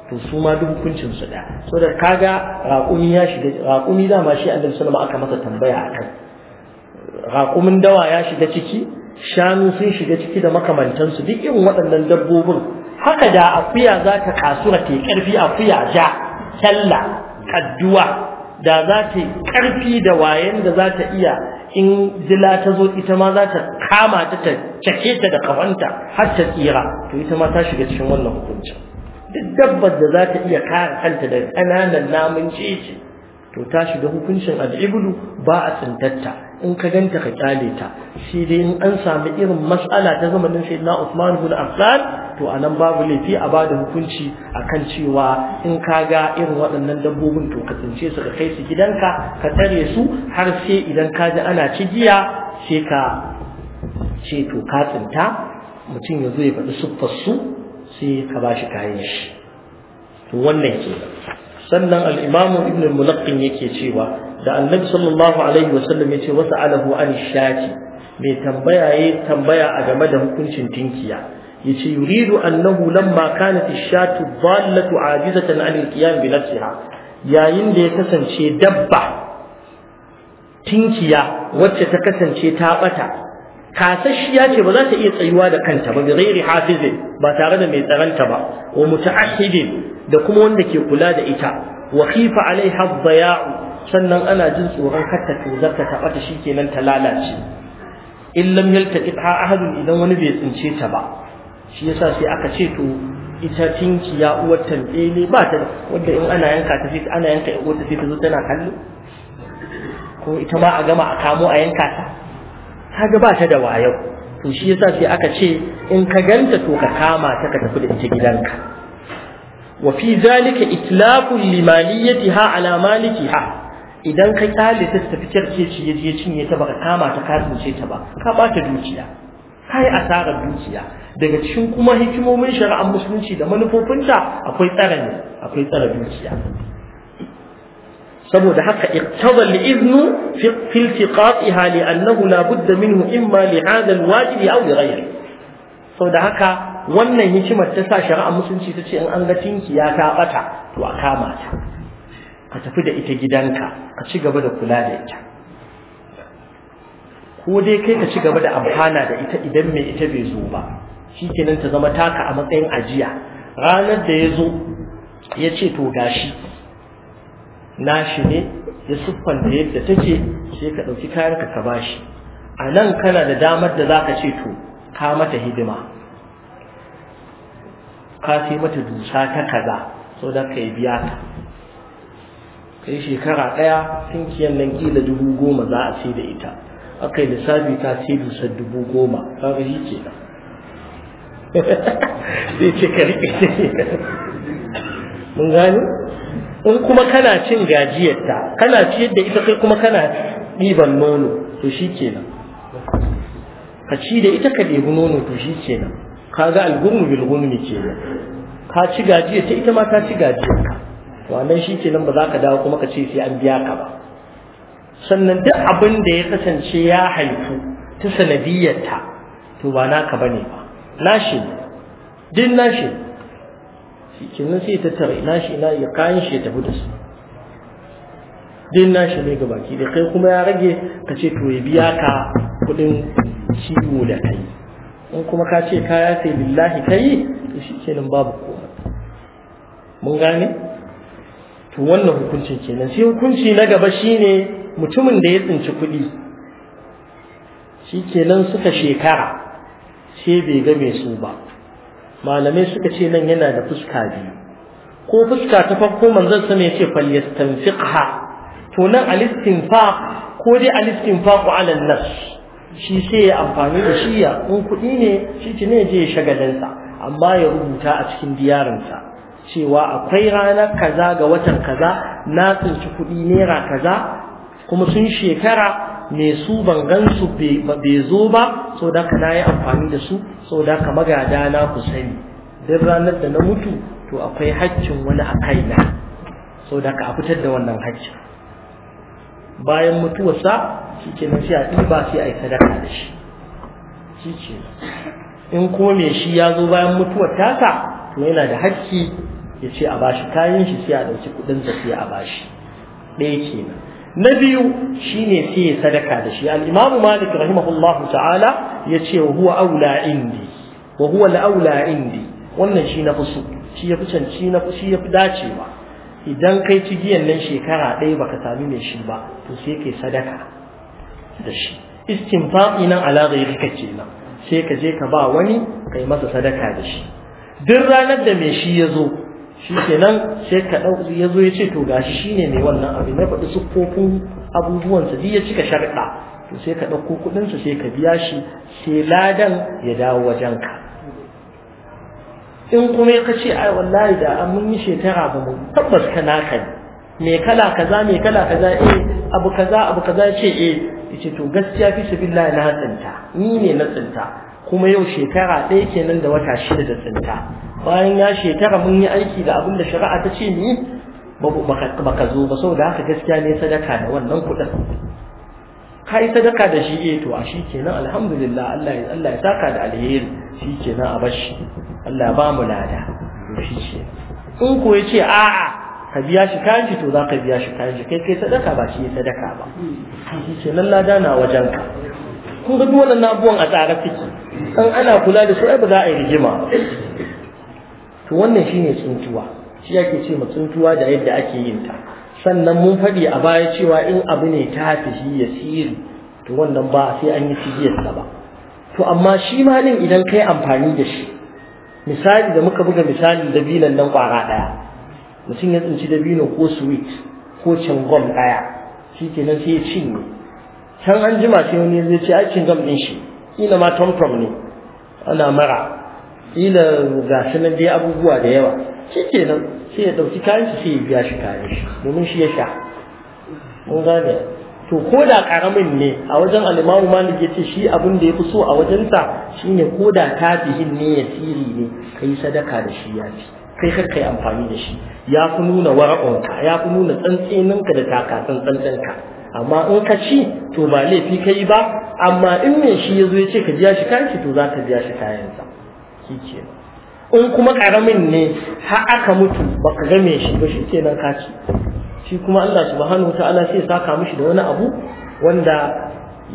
to su ma duk hukuncin su da saboda kaga raƙumi ya shiga raƙumi ma shi annabi sallallahu aka masa tambaya akan raƙumin dawa ya shiga ciki shanu sun shiga ciki da makamantansu duk irin waɗannan dabbobin haka da akuya za ta kasura ta karfi akuya ja kyalla kadduwa da za ta karfi da wayen da za ta iya in dila ta zo ita ma za ta kama ta ta cake ta da kawanta har ta tsira to ita ma ta shiga cikin wannan hukuncin duk dabbar da za ta iya kare kanta da ƙananan namun cece to ta shiga hukuncin al'ibulu ba a tsintatta in ka ganta ka kyale ta sai dai in an sami irin mas'ala ta zamanin sai na Usman ibn Affan to anan babu laifi a bada hukunci akan cewa in ka ga irin waɗannan dabbobin to ka tsince su ka kai su gidanka ka tsare su har sai idan ka ji ana cigiya sai ka ce to ka tsinta mutum ya zo ya faɗi siffar su sai ka bashi kayan shi to wannan ke sannan al-Imam Ibn al-Mulaqqin yake cewa da annabi sallallahu alaihi wasallam yace wasu alahu an shati mai tambaya yayi tambaya a game da hukuncin tinkiya yace yuridu annahu lamma kanat ash-shatu dallatu ajizatan an al-qiyam bi nafsiha yayin da ya kasance dabba tinkiya wacce ta kasance ta bata kasashiya ce ba za ta iya tsayuwa da kanta ba bi ghairi hafizin ba tare da mai tsaranta ba wa muta'ahhidin da kuma wanda ke kula da ita wa khifa alaiha dhaya'u sannan ana jin tsoron katta tozar ta taɓa ta shikenan ta lalace in lam yaltaqit ha ahadun idan wani bai tsince ta ba shi yasa sai aka ce to ita ya uwar tambaye ne ba ta wanda in ana yanka ta sai ana yanka uwar ta sai ta zo tana kallo ko ita ma a gama a kamo a yanka ta kaga ba ta da wayo to shi yasa sai aka ce in ka ganta to ka kama ta ka tafi da ita gidanka wa fi zalika itlaqu limaliyatiha ala malikiha idan ka kyale ta tafi kyarke ci ya je cinye ta baka kama ta ka tsince ta ba ka bata dukiya ka yi asarar dukiya daga cikin kuma hikimomin shari'ar musulunci da manufofinta akwai tsara ne akwai tsara dukiya saboda haka iqtada al-iznu fi iltiqatiha li'annahu la budda minhu imma li hadha al-wajib aw li ghayri saboda haka wannan hikimar ta sa shari'ar musulunci ta ce in an ga tinki ya ta bata to a kama ta ka tafi da ita gidanka ka ci gaba da kula da ita ko dai kai ka ci gaba da amfana da ita idan mai ita bai zo ba shi kenan ta zama taka a matsayin ajiya ranar da ya zo ya ce to gashi nashi ne ya da yadda take sai ka ɗauki kayanka ka bashi a nan kana da damar da za ka ce to ka mata hidima ka sai mata dusa ta kaza so da ka yi biya ta sai shekara ɗaya tinkiyan nan kila dubu goma za a ce da ita aka yi lissafi ta ce dusar dubu goma ga shi ke nan sai ce ka riƙe mun gani? in kuma kana cin gajiyarta kana ciyar da ita kai kuma kana ɗiban nono to shi ke nan ka ci da ita ka ɗebi nono to shi ke nan ka ga algurmu bilgurmi ke nan ka ci gajiyarta ita ma ta ci gajiyarta. wannan shi ke nan ba za ka dawo kuma ka ce sai an biya ka ba sannan duk abin da ya kasance ya haifu ta sanadiyyarta to ba naka ne ba nashi din nashi shi nan sai ta tare nashi na ya kayan shi ya tafi da su din nashi ne baki da kai kuma ya rage ka ce to ya biya ka kuɗin ciwo da kai in kuma ka ce kaya sai lillahi kai shi shi nan babu kowa mun gane to wannan hukuncin kenan sai hukunci na gaba shine mutumin da ya tsinci kuɗi shi kenan suka shekara sai bai ga mai su ba malamai suka ce nan yana da fuska biyu ko fuska ta farko manzon sama ya ce falyastanfiqha to nan alistinfaq ko dai ku alal nas shi sai ya amfani da shi ya in kuɗi ne shi ne je shagalinsa amma ya rubuta a cikin diyarinsa cewa akwai ranar kaza ga watan kaza na tsinci kuɗi naira kaza kuma sun shekara me su ban gansu bai zo ba so da ka na yi amfani da su so da ka magada na ku sani duk ranar da na mutu to akwai haccin wani a kaina so da ka fitar da wannan haccin bayan mutuwarsa shi ke nan sai a ba sai a yi sadaka da shi shi ke in ko me shi ya zo bayan mutuwar tasa to yana da hakki ya ce a bashi kayan shi sai a ɗauki kuɗin da sai a bashi ɗaya kenan na biyu shine sai ya sadaka da shi al-imam malik rahimahullahu ta'ala ya ce wa huwa aula indi wa huwa al-aula indi wannan shi na fusu shi ya fi na shi ya fi dacewa idan kai giyan nan shekara ɗaya baka sami mai shi ba to sai kai sadaka da shi istinfa'i nan ala ghayrika kenan sai ka je ka ba wani kai masa sadaka da shi duk ranar da mai shi ya zo shi kenan sai ka ɗauki ya zo ya ce to gashi shine mai wannan abin ya faɗi kofin abubuwansa duk ya cika sharɗa to sai ka ɗauko kuɗinsa sai ka biya shi sai ladan ya dawo wajenka in kuma ya kace ai wallahi da an mun yi shekara ba mu tabbas ka naka ne me kala kaza me kala kaza eh abu kaza abu kaza ce eh yace to gaskiya fi sabilillah na tsinta ni ne na tsinta kuma yau shekara ɗaya kenan da wata shida da tsinta bayan ya shekara mun yi aiki da abin da shari'a ta ce ni ba ka zo ba saboda haka gaskiya ne sadaka da wannan kuɗin ka yi sadaka da shi eh to a shi kenan alhamdulillah Allah ya Allah ya saka da alheri shi kenan a bashi Allah ba mu lada to shi ce in ko ya ce a'a ka biya shi kayan shi to za ka biya shi kayan shi kai kai sadaka ba shi sadaka ba shi nan lada na wajen ka kun ga duk wannan abubuwan a tsare suke dan ana kula da su ai ba za a yi rigima to wannan shine tsuntuwa shi yake ce ma tsuntuwa da yadda ake yin ta sannan mun faɗi a baya cewa in abu ne ta tafi yasiri to wannan ba sai an yi sa ba to amma shi ma din idan kai amfani da shi misali da muka buga misali bilan nan kwara daya mutum ya tsinci dabino ko sweet ko cingom ɗaya shi kenan sai ya cinye can an jima sai wani zai ce aikin gam ɗin shi ina ma tom ne ana mara kila gashi nan dai abubuwa da yawa shi ke nan sai ya ɗauki kayan shi sai ya biya shi kayan shi domin shi ya sha mun gane to ko da karamin ne a wajen alimamu malik ce shi abin da ya fi so a wajensa shine ko da tabihin ne ya tiri ne kai sadaka da shi ya fi kai kar kai amfani da shi ya fi nuna wara'unka ya fi nuna tsantseninka da takasan tsantsenka amma in ka ci to ba laifi kai ba amma in me shi ya zo ya ce ka biya shi kayan shi to za ka biya shi kayansa ke in kuma karamin ne har aka mutu ba ka game shi ba shi kenan ka ci shi kuma Allah subhanahu ta'ala sai saka mishi da wani abu wanda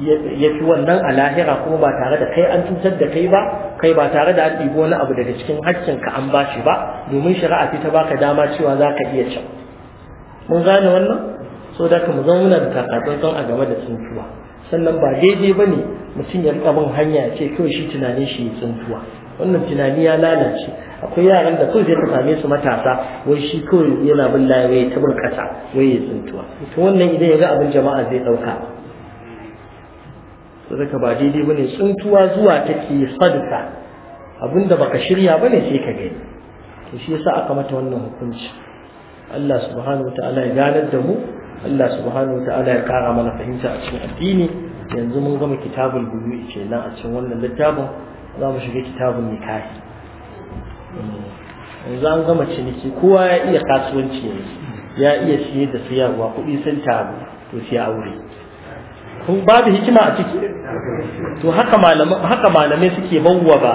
ya fi wannan a lahira kuma ba tare da kai an cutar da kai ba kai ba tare da an ɗibi wani abu daga cikin hakkin ka an ba shi ba domin shari'a ta baka dama cewa za ka iya can mun gane wannan so da mu zama muna da son a game da tsuntuwa sannan ba daidai ba ne mutum ya riƙa bin hanya ce kawai shi tunanin shi tsuntuwa wannan tunani ya lalace akwai yaran da kawai zai ka same su matasa wai shi kawai yana bin laye ta bin kasa wai ya tsintuwa to wannan idan ya ga abin jama'a zai dauka to daga ba daidai bane tsintuwa zuwa take sadaka abinda baka shirya bane sai ka gani to shi yasa aka mata wannan hukunci Allah subhanahu wataala ya ganar da mu Allah subhanahu wataala ya kara mana fahimta a cikin addini yanzu mun gama kitabul bulu'i kenan a cikin wannan littafin za mu shiga kitabun nikahi yanzu an gama ciniki kowa ya iya kasuwanci ne, ya iya siye da siyarwa kuɗi sun taru to sai aure kun babu hikima a ciki to haka malamai haka malamai suke bawwaba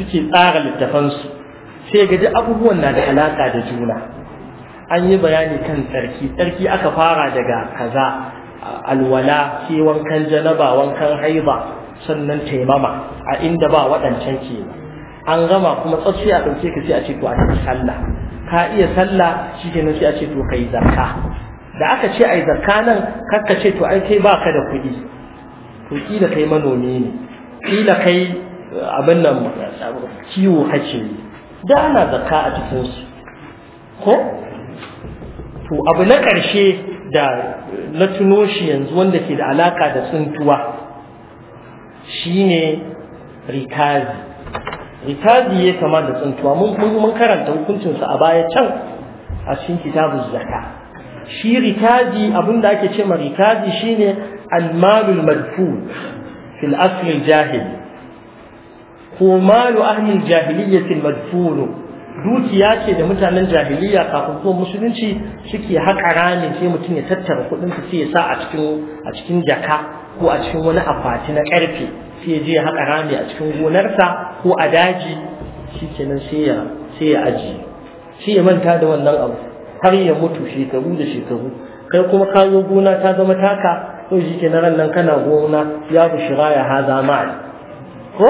suke tsara littafansu sai gaji abubuwan na da alaka da juna an yi bayani kan tsarki tsarki aka fara daga kaza alwala sai wankan janaba wankan haiba sannan taimama a inda ba waɗancan ke an gama kuma tsatsi a ɗauke ka sai a ce to a ce sallah ka iya sallah shi kenan sai a ce to kai zakka da aka ce ai zakka nan kakka ce to ai kai baka da kuɗi to kila kai manomi ne kila kai eh, abin nan kiwo kake ne. da ana zakka a cikin ko to abu na ƙarshe da eh, na tuno shi yanzu wanda ke da alaka da tsuntuwa Shi ne rikazi rikazi ya kama da tsuntuwa mun karanta hukuncinsa a baya can a cikin kitabun zaka shi rikazi da ake ce ma rikazi shine almalul madfun fil asl jahil ko malu ahli jahiliyyati madfun dukiya ce da mutanen jahiliya kafin zuwa musulunci suke haƙa ramin sai mutum ya tattara kuɗin sai ya sa a cikin jaka ko a cikin wani akwati na karfe sai ya je ya haƙa rami a cikin gonarsa ko a daji shi kenan sai ya aji. shi ya manta da wannan abu har ya mutu shekaru da shekaru kai kuma kayo gona ta zama taka to shi kenan ran nan kana gona ya fi shira ya haza ma'a ko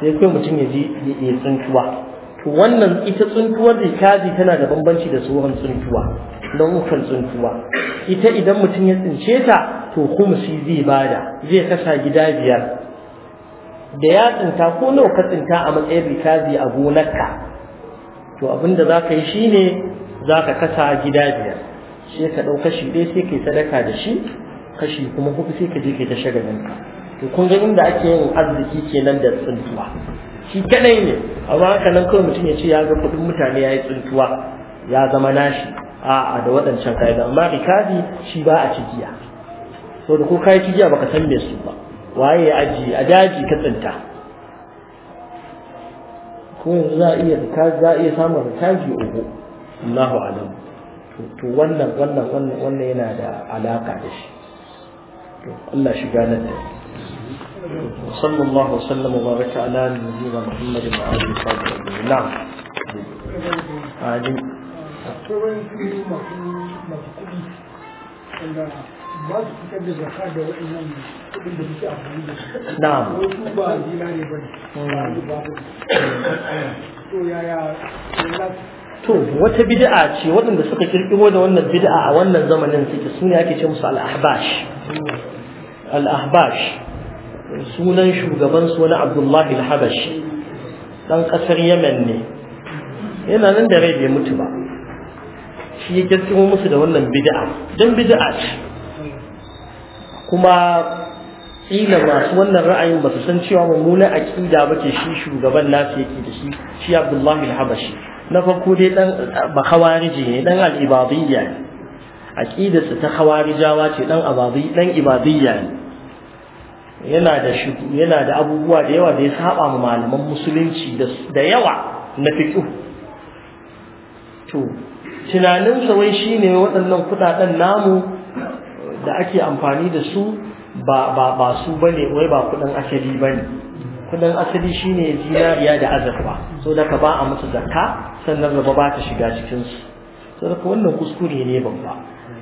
sai kai mutum ya je ya tsuntuwa to wannan ita tsuntuwar da tana da bambanci da sauran tsuntuwa nau'ukan tsuntuwa ita idan mutum ya tsince ta to kumsi zai bada zai kasa gida biyar da ya tsinta ko nawa ka tsinta a matsayin rikazi a gonarka to abinda za ka yi shine za ka kasa gida biyar sai ka ɗau kashi ɗaya sai ka sadaka da shi kashi kuma hudu sai ka je ka ta ka to kun ga inda ake yin arziki kenan da tsintuwa shi kadai ne amma haka nan kawai mutum ya ce ya ga kuɗin mutane ya yi tsuntuwa ya zama nashi a'a da waɗancan ka'ida amma rikabi shi ba a cigiya so da ko kai cigiya baka san me su ba waye ya aji a daji ka tsinta ko yanzu za a iya za a iya samun uku Allahu alam to wannan wannan wannan wannan yana da alaka da shi Allah shi ganar da صلى الله وسلم وبارك على نبينا محمد وعلى اله وصحبه نعم akwai kudi masu masu kudi wanda ba su fitar da zaka da kudin da amfani da su ba zina ne ba ne ba to yaya to wata bid'a ce waɗanda suka kirkiro da wannan bid'a a wannan zamanin suke su ake ce musu al-ahbash al-ahbash sunan shugaban su wani abdullahi al-habashi ɗan ƙasar yemen ne yana nan da rai bai mutu ba shi ya kirkiro musu da wannan bid'a dan bid'a ce kuma ƙila masu wannan ra'ayin ba su san cewa mummunan aƙida ba ke shi shugaban nasu yake da shi shi Abdullahi al-Habashi na farko dai dan bakhawariji ne dan al-ibadiyya ne aqidarsa ta khawarijawa ce dan dan ibadiyya ne yana da yana da abubuwa da yawa da ya saba ma malaman musulunci da yawa na fiqh to tunaninsa wai shi ne waɗannan kuɗaɗen namu da ake amfani da su ba su ba ne wai ba kuɗin asali ba ne kuɗin asali shi ne zinariya da azurfa so da ka ba a masa zakka sannan raba ba ta shiga cikinsu so da wannan kuskure ne babba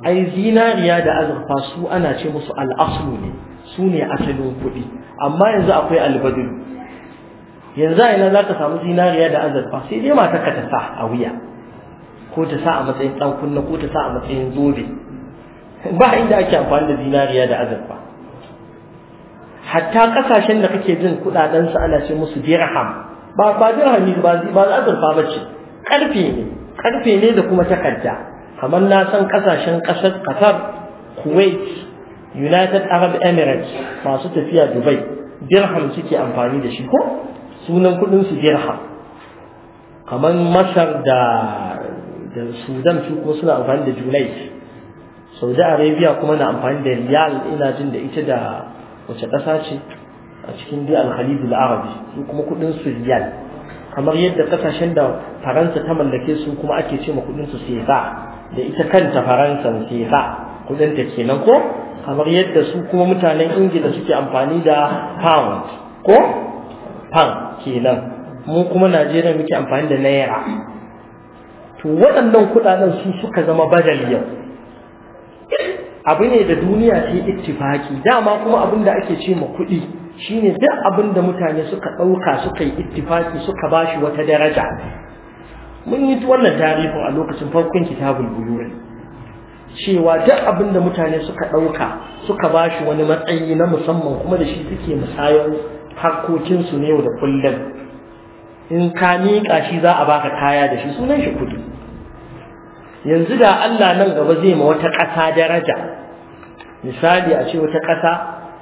ai zinariya da azurfa su ana ce musu al'aslu ne su ne asalin kuɗi amma yanzu akwai albadul yanzu a ina za ka samu zinariya da azurfa sai dai ka ta sa a wuya ko ta sa a matsayin ɗan kunna ko ta sa a matsayin zobe ba inda ake amfani da zinariya da azurfa hatta kasashen da kake jin kudaden su ana ce musu dirham ba ba dirhami ba ba azurfa bace karfe ne karfe ne da kuma takarda kamar na san kasashen kasar Qatar Kuwait United Arab Emirates masu tafiya Dubai dirham suke amfani da shi ko sunan kudin su dirham kamar Masar da da sudan su kuma suna amfani da Julai. saudi arabia kuma na amfani da riyal ina jin da ita da wace ƙasa ce a cikin dai alhalidul arabi su kuma kudin su riyal kamar yadda kasashen da faransa ta mallake su kuma ake ce ma kudin su sefa da ita kanta faransa sefa kudin ta kenan ko kamar yadda su kuma mutanen ingila suke amfani da pound ko pound kenan mu kuma najeriya muke amfani da naira to waɗannan kuɗaɗen su suka zama badal yau abu ne da duniya ta yi ittifaki dama kuma abin da ake ce ma kuɗi shine duk abin da mutane suka ɗauka suka yi ittifaki suka ba shi wata daraja mun yi wannan tarihin a lokacin farkon kitabul buyur cewa duk abin da mutane suka ɗauka suka ba shi wani matsayi na musamman kuma da shi suke musayar harkokinsu na yau da kullum in ka miƙa shi za a baka kaya da shi sunan shi kuɗi yanzu da Allah nan gaba zai ma wata ƙasa daraja misali a ce wata ƙasa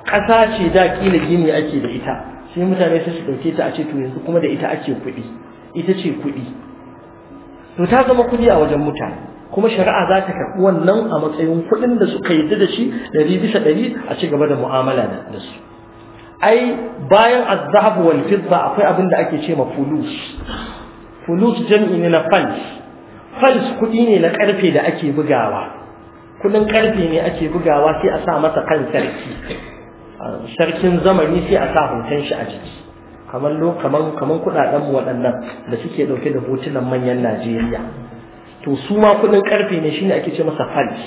ƙasa ce da kila gini ake da ita sai mutane su su ɗauke ta a ce to yanzu kuma da ita ake kuɗi ita ce kuɗi to ta zama kuɗi a wajen mutane kuma shari'a za ta karɓi wannan a matsayin kuɗin da suka yi da shi ɗari bisa ɗari a ci gaba da mu'amala da su ai bayan azzahabu wal fidda akwai abin da ake ce ma fulus fulus jam'i ne na fals fals kuɗi ne na karfe da ake bugawa kuɗin karfe ne ake bugawa sai a sa masa kan sarki sarkin zamani sai a sa hoton shi a jiki kamar lo kamar kamar kuɗaɗen mu waɗannan da suke ɗauke da hotunan manyan Najeriya to su ma kuɗin karfe ne shine ake ce masa fals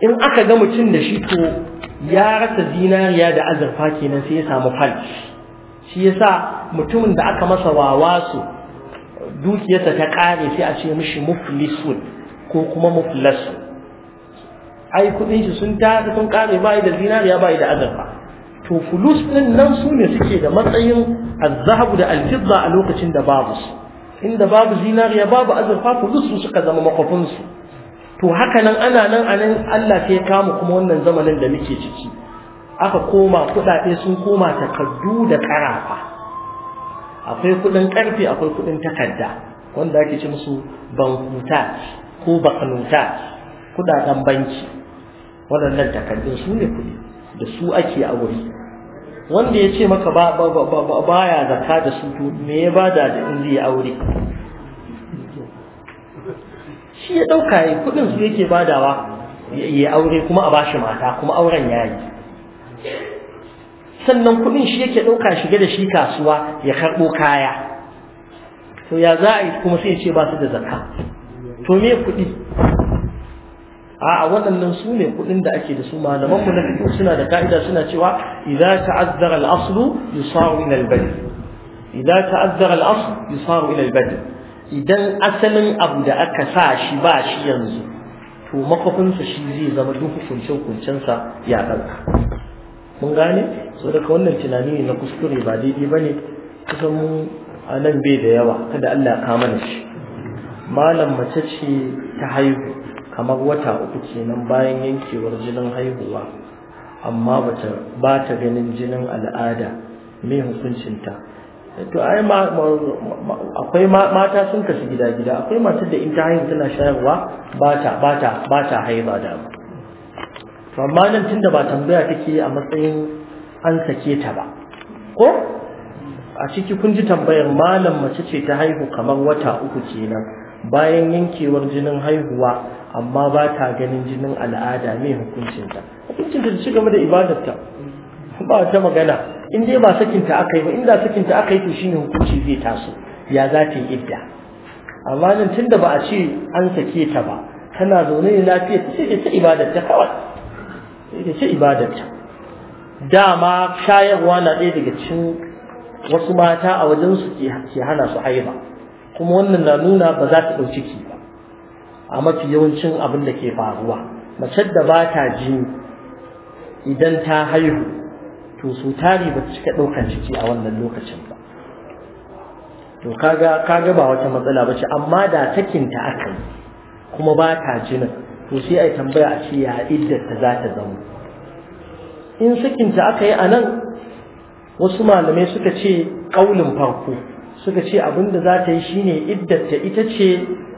in aka ga mutum da shi to ya rasa zinariya da azurfa kenan sai ya samu fals shi yasa mutumin da aka masa wawa su dukiyarsa ta ƙare sai a ce mishi muflisun ko kuma muflasu ai kudin shi sun ta sun kare bai da zinariya bai da azurfa to fulus din nan su ne suke da matsayin azhabu da alfidda a lokacin da babu su inda babu zinariya babu azurfa fulus su suka zama makofin su to haka nan ana nan anan Allah sai kama kuma wannan zamanin da muke ciki aka koma kudade sun koma takaddu da karafa akwai kudin karfe akwai kudin takarda wanda ake ce musu bankuta ko bakanuta kudaden banki waɗannan takardun su ne kudi da su ake a wuri wanda ya ce maka ba baya zaka da su to me ya ba da in zai aure shi ya dauka yi kudin su yake badawa ya aure kuma a bashi mata kuma auren yayi sannan kuɗin shi yake ɗauka shige da shi kasuwa ya karɓo kaya to ya za a yi kuma sai ya ce ba su da zaka to me kuɗi a waɗannan su ne kuɗin da ake da su malaman mu na fiƙo suna da ka'ida suna cewa idza ta'azzara al-aslu yusaru ila al-badi idza ta'azzara al-asl yusaru ila al-badi idan asalin abu da aka sa shi ba shi yanzu to makwafin shi zai zama duk hukuncin hukuncinsa ya ɗauka mun gane so daga wannan tunani ne na kuskure ba daidai ba ne kusan mu a nan bai da yawa kada Allah ya kama mana shi malam mace ce ta haihu kamar wata uku kenan bayan yankewar jinin haihuwa amma bata ba ta ganin jinin al'ada mai hukuncinta to ai akwai mata sun kasu gida gida akwai matar da in ta haihu tana shayarwa ba ta ba ta da ba to amma nan tunda ba tambaya take a matsayin an sake ta ba ko a ciki kun ji tambayar malam mace ce ta haihu kamar wata uku kenan bayan yankewar jinin haihuwa amma ba ta ganin jinin al'ada mai hukuncinta hukuncinta ta ci gaba da ibadarta ba ta magana in dai ba sakinta aka yi ba inda sakinta aka yi to shine hukunci zai taso ya za ta yi idda amma nan tunda ba a ce an sake ta ba tana zaune ne lafiya ta ce ta kawai da ce ibadarta dama shayarwa na ɗaya daga cikin wasu mata a wajen su ke hana su haiba kuma wannan na nuna ba za ta ɗau ciki ba a mafi yawancin abin da ke faruwa mace da ba ta jini idan ta haihu to su tari ba cika ɗaukar ciki a wannan lokacin ba to kaga kaga ba wata matsala ba ce amma da takinta aka yi kuma ba ta jinin to sai ai tambaya a ce ya iddar ta za ta zama in sakinta aka yi a nan wasu malamai suka ce ƙaulin farko suka ce abinda za ta yi shine iddarta ita ce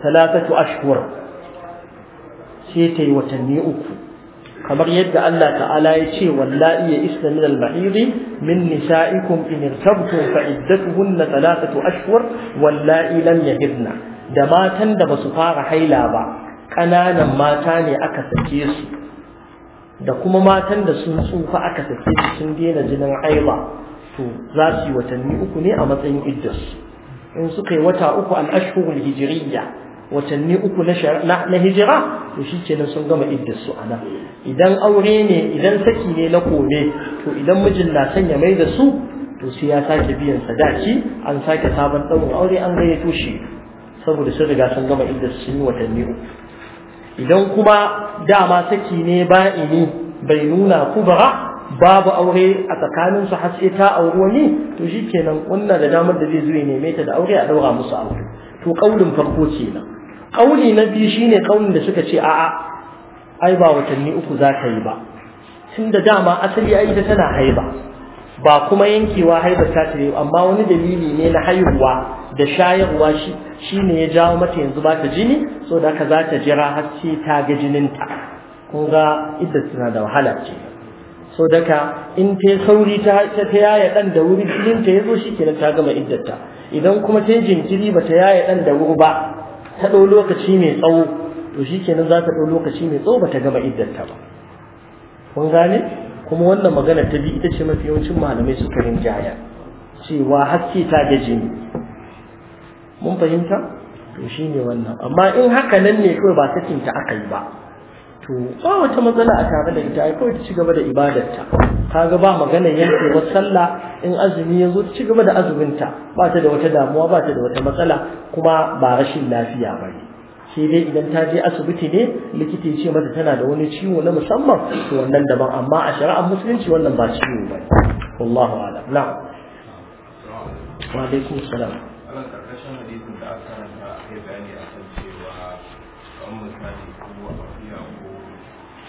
talatatu ashhur sai ta yi watanni uku kamar yadda Allah ta'ala ya ce wallahi ya isna min al-mahid min nisa'ikum in irtabtum fa iddatuhunna talatatu ashhur wallahi lam yahidna da matan da basu fara haila ba ƙananan mata ne aka sake su da kuma matan da sun tsufa aka sake su sun daina jinin aiba to za su yi watanni uku ne a matsayin iddarsu in suka yi wata uku al'ashhurul hijiriya watanni uku na hijira to shi kenan sun gama iddarsu anan. nan idan aure ne idan saki ne na kome to idan mijin na sanya mai da su to sai ya sake biyan sadaki an sake sabon ɗaurin aure an gayyato shi saboda sun riga sun gama iddarsu sun yi watanni uku idan kuma dama saki ne ba'ini bai nuna kubra babu aure a tsakanin su har sai ta auri wani to shikenan wannan da damar da zai zo ya neme ta da aure a daura musu aure to kaulin farko na kauli na biyu shine kaulin da suka ce a'a ai ba watanni uku za ka yi ba tunda dama asali ai ita tana haiba ba kuma yankewa haiba ta ce amma wani dalili ne na haihuwa da shayarwa shi shine ya jawo mata yanzu ba ta jini so da ka za ta jira har ta ga jininta kun ga idda suna da wahala ce so ka in ta sauri ta ta yaya dan da wuri jinin ya yazo shi kenan ta gama iddarta idan kuma ta jinkiri ba ta yaya dan da wuri ba ta dau lokaci mai tsawo to shi kenan za ta dau lokaci mai tsawo ba ta gama iddarta ba kun gane kuma wannan magana ta bi ita ce mafi yawancin malamai suka rinjaya cewa haske ta ga jini mun fahimta to shine wannan amma in haka nan ne kawai ba sakin ta aka yi ba to ba wata matsala a tare da ita ai kawai ta cigaba da ibadarta ga ba magana wa sallah in azumi ya zo ta cigaba da azuminta ba ta da wata damuwa ba ta da wata matsala kuma ba rashin lafiya ba ne sai dai idan ta je asibiti ne likita ya ce mata tana da wani ciwo na musamman to wannan daban amma a shari'ar musulunci wannan ba ciwo ba wallahu a'lam na'am wa alaikum salam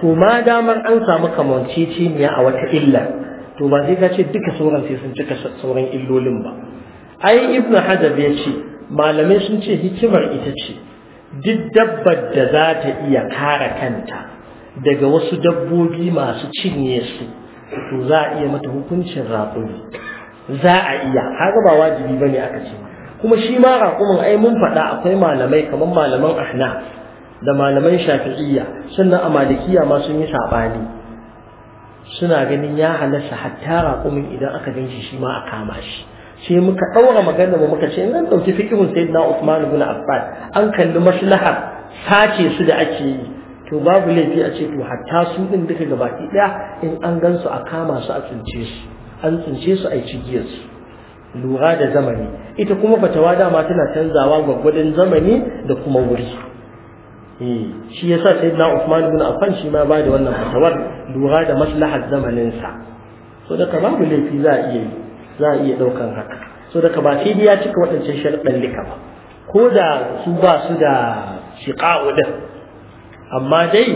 to ma damar an samu kamanceceniya a wata illa to ba zai ce duka sauran sai sun cika sauran illolin ba ai ibn hajar ya ce malamai sun ce hikimar ita ce duk dabbar da za ta iya kare kanta daga wasu dabbobi masu cinye su to za a iya mata hukuncin raƙumi za a iya haka ba wajibi bane aka ce kuma shi ma raƙumin ai mun faɗa akwai malamai kamar malaman ahna da malaman shafi'iyya sannan a malikiya ma sun yi saɓani suna ganin ya halasta hatta raƙumin idan aka gan shi ma a kama shi sai muka ɗaura maganar mu muka ce in an ɗauki fikihun sayyidina Usman ibn Affan an kalli maslaha sace su da ake yi to babu laifi a ce to hatta su din duka gabaki ɗaya. in an gansu su a kama su a tsince su an tsince su a yi su lura da zamani ita kuma fatawa dama tana canzawa gwaggwadon zamani da kuma wuri shi ya sa sai na Uthman ibn Affan shi ma ba da wannan fatawar lura da maslahar zamaninsa. sa so da ka babu laifi za a iya za a iya daukan haka so da ka ba sai ya cika waɗancan sharɗan lika ba ko da su ba su da shiqa'u din amma dai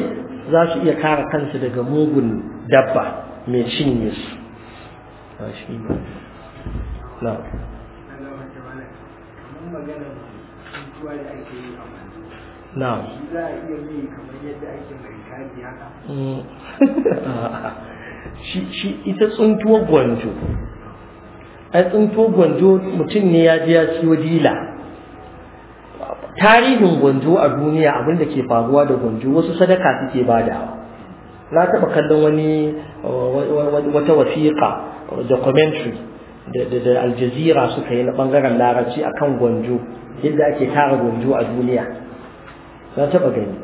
za su iya kare kansu daga mugun dabba mai cinye su na magana na a mm. gwanjo ai tsuntuwar gwanjo mutum ne ya ji ya ci wadila tarihin gwanjo a duniya abinda ke faruwa da gwanjo wasu sadaka suke badawa na taɓa kallon wani wata wasiƙa documentary da aljazeera suka yi na ɓangaren larabci a kan gwanjo yadda ake tara gwanjo a duniya na taɓa gani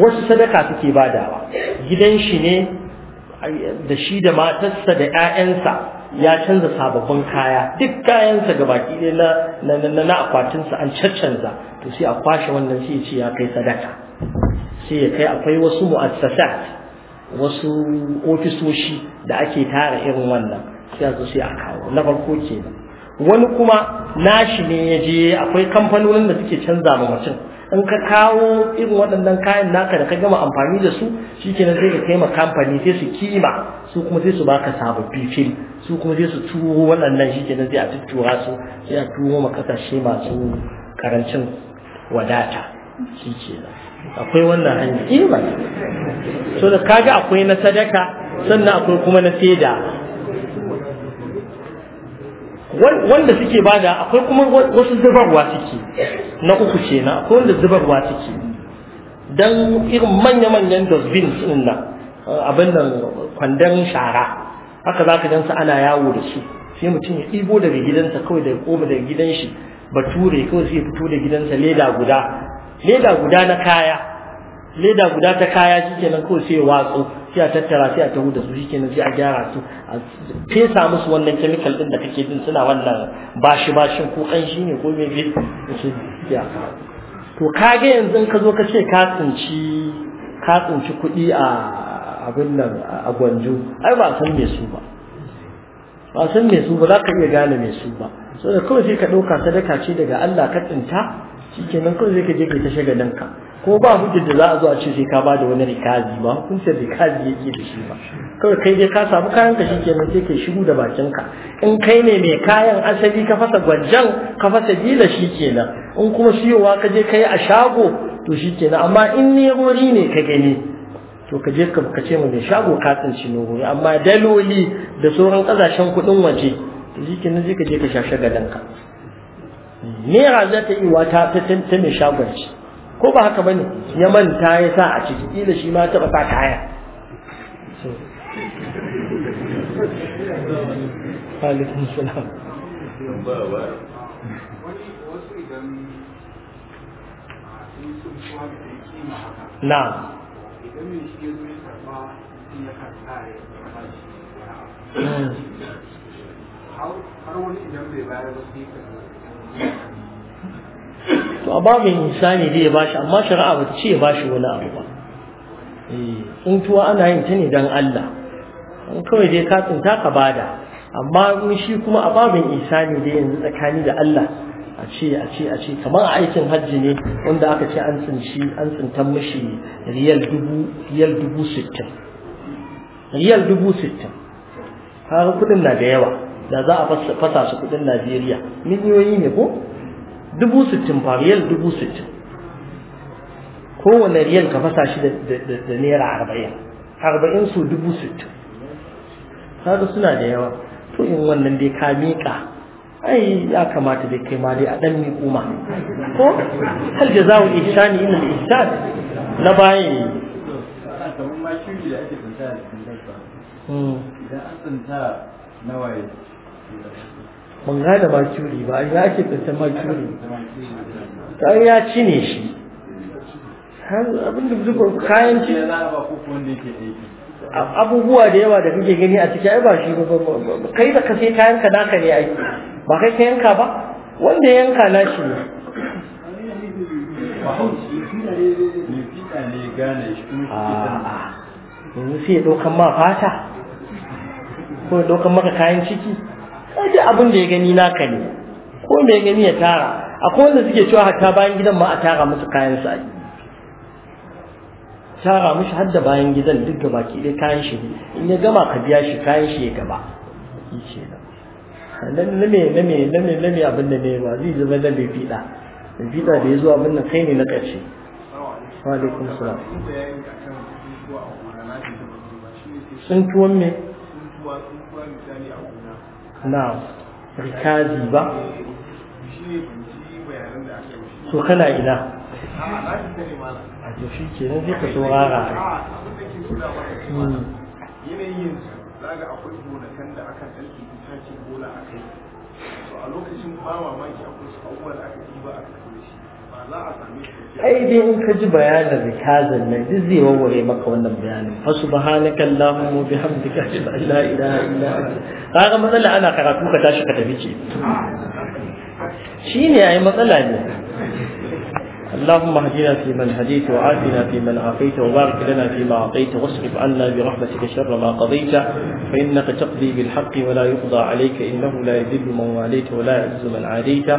wasu sadaka suke badawa gidan shi ne da shi da matarsa da 'ya'yansa ya canza sababbin kaya duk kayansa ga baki ɗaya na na na akwatinsa an cancanza, to sai a kwashe wannan sai ce ya kai sadaka sai ya kai akwai wasu mu'assasat wasu ofisoshi da ake tara irin wannan sai a zo sai a kawo na farko kenan wani kuma nashi ne ya je akwai kamfanonin da suke canza ma mutum in ka kawo irin waɗannan kayan naka da ka gama amfani da su shikenan sai ka kai kamfani sai su kima su kuma sai su baka sababbi fil su kuma sai su turo waɗannan shikenan sai a tuttura su sai a turo ma kasashe masu karancin wadata shikenan akwai wannan hanya kima eh so da kaga akwai na sadaka sannan akwai kuma na saida wanda suke bada akwai kuma wasu zubarwa suke na uku ce na, akwai wanda zubarwa suke Don irin manya-manyan dozbin sun nan abin nan kwandon shara haka za ka gansa ana yawo da su sai mutum ya ɗibo daga gidansa kawai daga koma daga gidan shi bature kawai sai fito da gidansa leda guda leda guda na kaya leda guda ta kaya kenan kawai sai ya watsu sai a tattara sai a taho da su shikenan sai a gyara su a fesa musu wannan chemical din da kake jin suna wannan bashi bashin ko kanshi ne ko mai bi ya to kage yanzu in ka zo ka ce ka tsinci ka tsinci kuɗi a abin nan a gwanjo ai ba san me su ba ba san me su ba za ka iya gane me su ba saboda kawai sai ka ɗauka sadaka ce daga Allah ka tsinta shikenan kawai sai ka je ka ta shagalinka ko ba hujjar da za a zo a ce sai ka ba da wani rikazi ba hukuncin rikazi yake da shi ba kawai kai dai ka samu kayan ka nan sai kai shigo da bakin ka in kai ne mai kayan asali ka fasa gwanjan ka fasa dila kenan in kuma siyowa ka je kai a shago to shikenan amma in ne gori ne ka gani to ka je ka ce mu mai shago ka tsinci ne amma daloli da sauran kasashen kuɗin waje to shikenan sai ka je ka shashe gadon ka naira za ta yi wa ta mai shagon ko ba haka bane ya manta ya sa a ciki kila shi ma taɓa sa kaya alaikum salam na har wani idan bai bayar ba to a babin insani dai ya bashi amma shari'a ba ce ya bashi wani abu ba eh, tuwa ana yin ta ne don Allah in kawai dai ka tsinta ka bada amma shi kuma a babin isani dai yanzu tsakani da Allah a ce a ce a ce kamar a aikin hajji ne wanda aka ce an tsinci an tsintan mishi riyal dubu riyal dubu sittin riyal dubu sittin har kudin na da yawa da za a fasa su kuɗin Najeriya miliyoyi ne ko dubu sittin fa riyal dubu sittin kowane riyal ka fasa shi da naira arba'in arba'in su dubu sittin kaga suna da yawa to in wannan dai ka miƙa ai ya kamata dai kai ma dai a dan miƙo ma ko hal jaza'u ihsani illa ihsan na ne. da da ake bayan idan an tsinta nawaye ban gane mercury ba ya ake tsintar mercury ta ya cine shi abinda da kayan ci abubuwa da yawa da kake gani a ciki ai ba shi ba kai da ka kayan ka naka ne ai ba kai ka yanka ba wanda yanka na shi ne yanzu sai ya ɗaukan ma fata ko ya ɗaukan maka kayan ciki duk abin da ya gani naka ne ko da ya gani ya tara akwai wanda suke cewa hatta bayan gidan ma a tara musu kayan sa tara mushi har da bayan gidan duk gaba ke dai kayan shi ne, in ya gama ka biya shi kayan shi ya gaba shi na me na me na me na me abin da ne ba zai zama na bai fida, bai fida da ya zo abin da kai ne na ƙarshe wa alaikum salam sun tuwon me na rikazi ba so kana ina a to shi ke nan zai ka saurara hmm. yanayin zaga akwai gonakan da aka ɗauke itacen gona a kai a lokacin ba akwai su abubuwa da aka a kai ai dai in ka ji bayanin rikazin nan duk zai warware maka wannan bayanin fa subhanaka allahumma bihamdika ashhadu an la ilaha illa anta kaga matsala ana karatu ka tashi ka tafi ce shine ai matsala ne اللهم اهدنا فيمن هديت وعافنا فيمن عافيت وبارك لنا فيما اعطيت واصرف عنا برحمتك شر ما قضيت فانك تقضي بالحق ولا يقضى عليك انه لا يذل من واليت ولا يعز من عاديت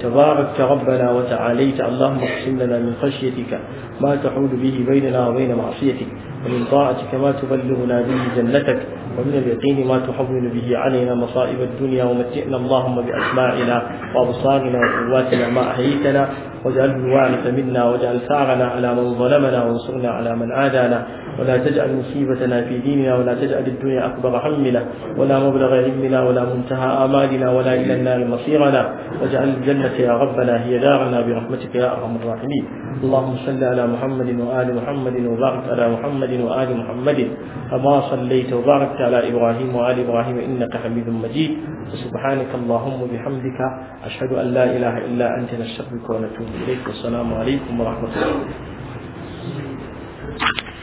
تباركت ربنا وتعاليت اللهم احسن لنا من خشيتك ما تحول به بيننا وبين معصيتك ومن طاعتك ما تبلغنا به جنتك ومن اليقين ما تحول به علينا مصائب الدنيا ومتئنا اللهم بأسماعنا وأبصارنا وقواتنا ما أحييتنا واجعل الوارث منا واجعل ثارنا على من ظلمنا وانصرنا على من عادانا ولا تجعل مصيبتنا في ديننا ولا تجعل الدنيا أكبر همنا ولا مبلغ علمنا ولا منتهى آمالنا ولا إلى النار مصيرنا واجعل الجنة يا ربنا هي دارنا برحمتك يا أرحم الراحمين اللهم صل على محمد وآل محمد وبارك على محمد محمد وآل محمد كما صليت وباركت على إبراهيم وآل إبراهيم إنك حميد مجيد سبحانك اللهم وبحمدك أشهد أن لا إله إلا أنت نستغفرك ونتوب إليك والسلام عليكم ورحمة الله